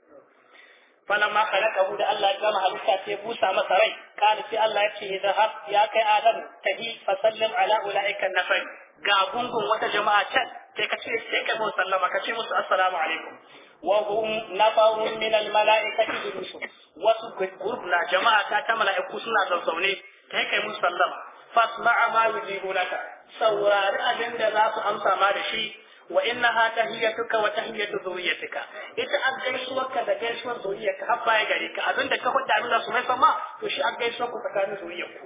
falamma khalaqahu da Allah ya gama halitta sai busa masa rai kana sai Allah ya ce idhab ya kai adam tahi fa sallim ala ulaika nafar ga gungun wata jama'a can sai ka ce sai ka mu sallama ka ce musu assalamu alaikum wa hum nafarun min al malaikati yusuf wasu gurbu na jama'a ta ta mala'iku suna zazzaune sai kai saurari abinda za su amsa ma da shi wa innaha tahiyatuka wa tahiyatu zuriyatika ita an gaisuwarka da gaisuwar ka, har ya gare ka da ka hudda abinda su mai sama to shi an gaisuwar ku tsakanin ku.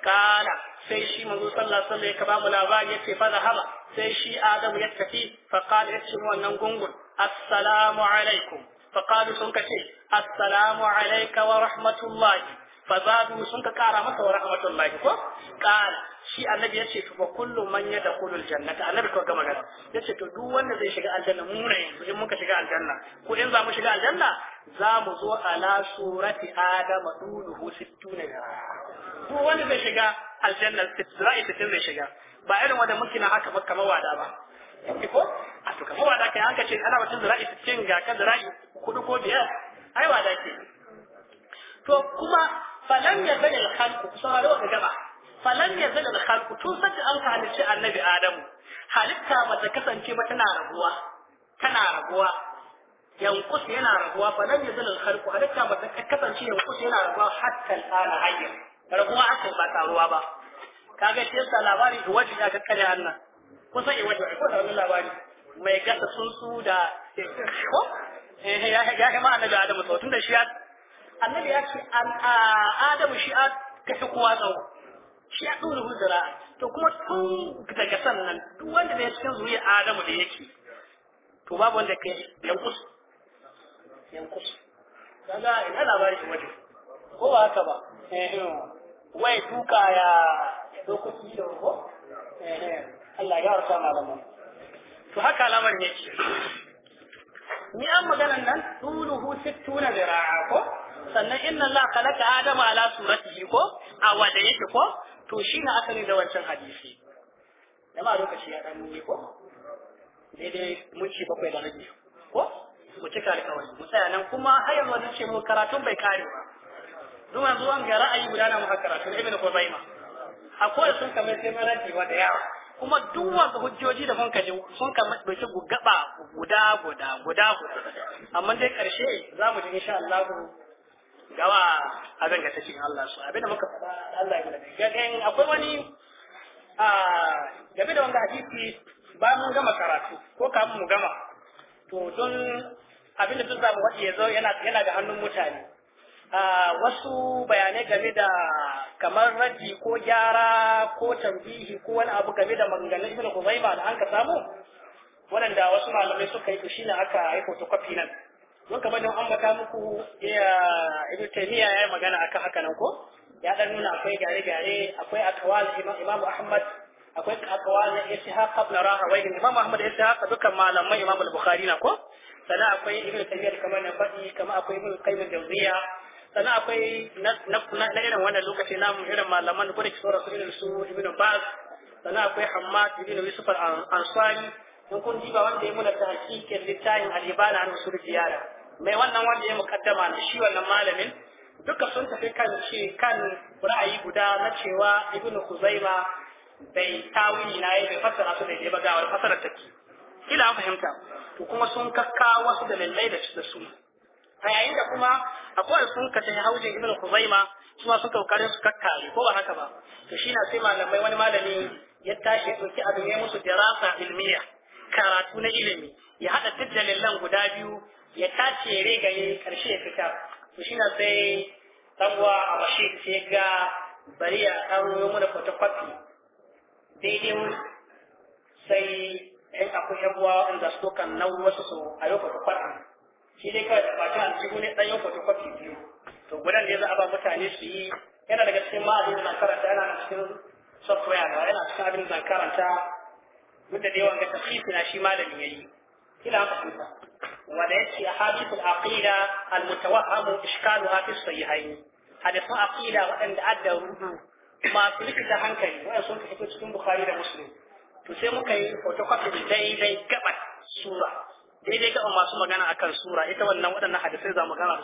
kana sai shi manzo sallallahu alaihi wasallam ya ba mu labari yace fa zahaba sai shi adamu ya tafi fa qala yace wannan gungun assalamu alaikum fa qalu sun kace assalamu alayka wa rahmatullahi fazadu sun ka kara masa wa rahmatullahi ko kala shi annabi yace to fa kullu man yadkhulul jannata annabi ko ga magana yace to duk wanda zai shiga aljanna mu ne yanzu in muka shiga aljanna ko in za mu shiga aljanna za mu zo ala surati adama dunuhu 60 ko wanda zai shiga aljanna zai fitin zai shiga ba irin wanda muke na haka maka wada ba ko a to kamar wada kai haka ce ana batun zira'i 60 ga kan zira'i kudu ko biyar ai wada ke to kuma falam ya zane alhalku sauraro ka gaba falam ya zane alhalku tun sanda an halicci annabi adamu halitta ba ta kasance ba tana rabuwa, tana raguwa yankus yana raguwa falam ya zane alhalku halitta ba ta kasance yankus yana raguwa hatta al'ana hayyar raguwa aka ba taruwa ba kaga shi yasa labari da wajen ya kakkare annan kusan iwaje ko da wannan labari mai gasa sun su da ko ya ya ma annabi adamu to da shi ya annabi ya ce adamu shi a kashe kowa tsawo shi a ɗora hujjara to kuma tun daga sannan duk wanda da cikin zuri adamu da yake to babu wanda kai yankus yankus kaga ina labarin shi wajen ko ba haka ba wai duka ya dokoki da ko Allah ya warsa malaman to haka lamarin yake ni an magana nan tuluhu sittuna zira'a ko sannan inna Allah khalaqa adama ala suratihi ko a wada yake ko to shi na asali da wancan hadisi dama lokaci ya dan yi ko daidai mun ci bakwai da rabi ko mu cika alƙawari mu tsaya nan kuma har yanzu zan ce mu karatun bai kare ba don yanzu an ga ra'ayi guda na muka karatu ibnu qubayma akwai sun kamar sai mun rabi da yawa kuma duk wanda hujjoji da mun kaje sun kamar dauki gugaba guda guda guda guda amma dai karshe za mu ji insha Allah gawa zanga ta cikin Allah su Abinda muka faɗa Allah ya ga ganin akwai wani a game da wanda hadisi ba mun gama karatu ko ka mu gama to don abinda sun duk zamu ya zo yana yana ga hannun mutane wasu bayanai game da kamar raji ko gyara ko tambihi ko wani abu game da maganganun ibnu Khuzaimah da an ka samu waɗanda wasu malamai suka yi to shine aka yi photocopy nan don kamar da ambata muku ya ibn taymiya yayi magana akan haka nan ko ya dan nuna akwai gare-gare akwai akwal imam ahmad akwai akwal ishaq ibn rahawayn imam ahmad ishaq duka malamai imam al-bukhari na ko sannan akwai ibn taymiya kamar na fadi kamar akwai ibn qayyim jawziya sannan akwai na irin wannan lokaci na irin malaman ko da ke sauran su irin su ibn baz sannan akwai hammad ibn yusuf al-ansari in kun ji ba wanda ya mula tahqiqin littafin al-ibana an usul ziyara mai wannan wanda ya mukaddama da shi wannan malamin duka sun tafi kan ce kan ra'ayi guda na cewa ibnu kuzaima bai tawili na bai fassara su da ba ga wani fassara take kila an fahimta to kuma sun kakka wasu da dalilai da su a yayin da kuma akwai sun kace haujin ibnu kuzaima ma sun kokarin su kakkare ko ba haka ba to shi na sai malamai wani malami ya tashi ya dauki abin ya musu dirasa ilmiya karatu na ilimi ya haɗa tijjalin dalilan guda biyu ya tace ya rega karshe ya fita to shi na sai ɗanwa a bashi sai ga bari a ya mana photocopy daidai sai yan akwai yabuwa uwa su kan nau wasu su a yau photocopy shi dai kawai da a cikin wani ɗan yau biyu to gudan da za a ba mutane su yi yana daga cikin ma'adin da karanta yana cikin software da yana cikin abin da karanta duk da yawan ga tafsiri na shi malami ya yi kila haka وليس أحاديث العقيلة المتوهم إشكالها في الصحيحين حديث عقيلة وأن أدى وردو ما تلك تهنكي وأن سنك حكوة سنون بخاري المسلم تسيمكي وتقفل بيبي كبت سورة بيبي كبت ما سمع جانا أكل سورة إتوى النوع أن حديثي زام جانا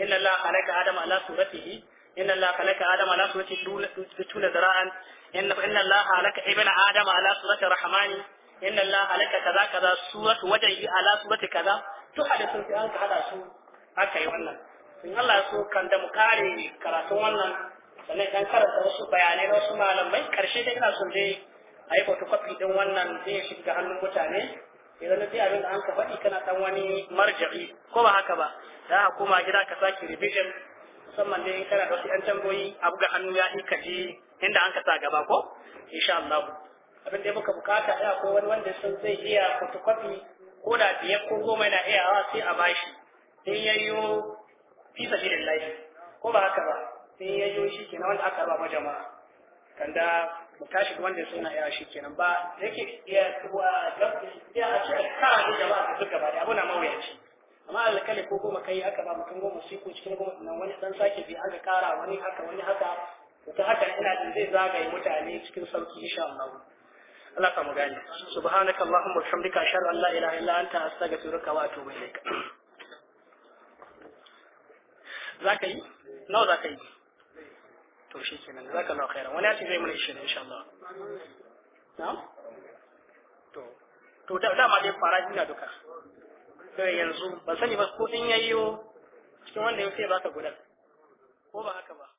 إن الله خلق آدم على سورته إن الله خلق آدم على سورة دول ذراعا إن الله خلق ابن آدم على سورة رحماني inna Allah halaka kaza kaza suratu wajhi ala surat kaza to hada sun an ka hada su aka yi wannan in Allah so kan da mu kare karatun wannan sannan kan karanta wasu bayanai wasu malamai karshe da ina so dai a yi photocopy din wannan zai shiga hannun mutane idan dai abin da an ka faɗi kana dan wani marja'i ko ba haka ba da koma gida ka sake revision musamman dai kana da wasu 'yan tambayoyi abu ga hannu ya yi kaji inda an ka sa gaba ko insha Allah abin da muka bukata ya akwai wani wanda sun zai iya photocopy ko da biyar ko goma yana iya hawa sai a bashi sai ya yi fi sabilin lafi ko ba haka ba sai ya yi shi kenan wanda aka ba majama'a kanda mu tashi wanda suna iya shi kenan ba yake iya kuwa ya a ce kara da jama'a duka ba da abu na mawuyaci amma alkali ko goma kai aka ba mutum goma sai ko cikin goma nan wani dan sake bi aka kara wani haka wani haka ta haka ina jin zai zagaye mutane cikin sauki insha Allah Allah ka mu gane subhanaka allahumma wa bihamdika ashhadu an la ilaha illa anta astaghfiruka wa atubu ilaik zaka yi nawa zaka yi to shi kenan zaka nawa khairan wani ya ce zai mana shi insha Allah na'am to to dama dai fara jina duka sai yanzu ban sani ba ko in yayyo cikin wanda ya baka gudan ko ba haka ba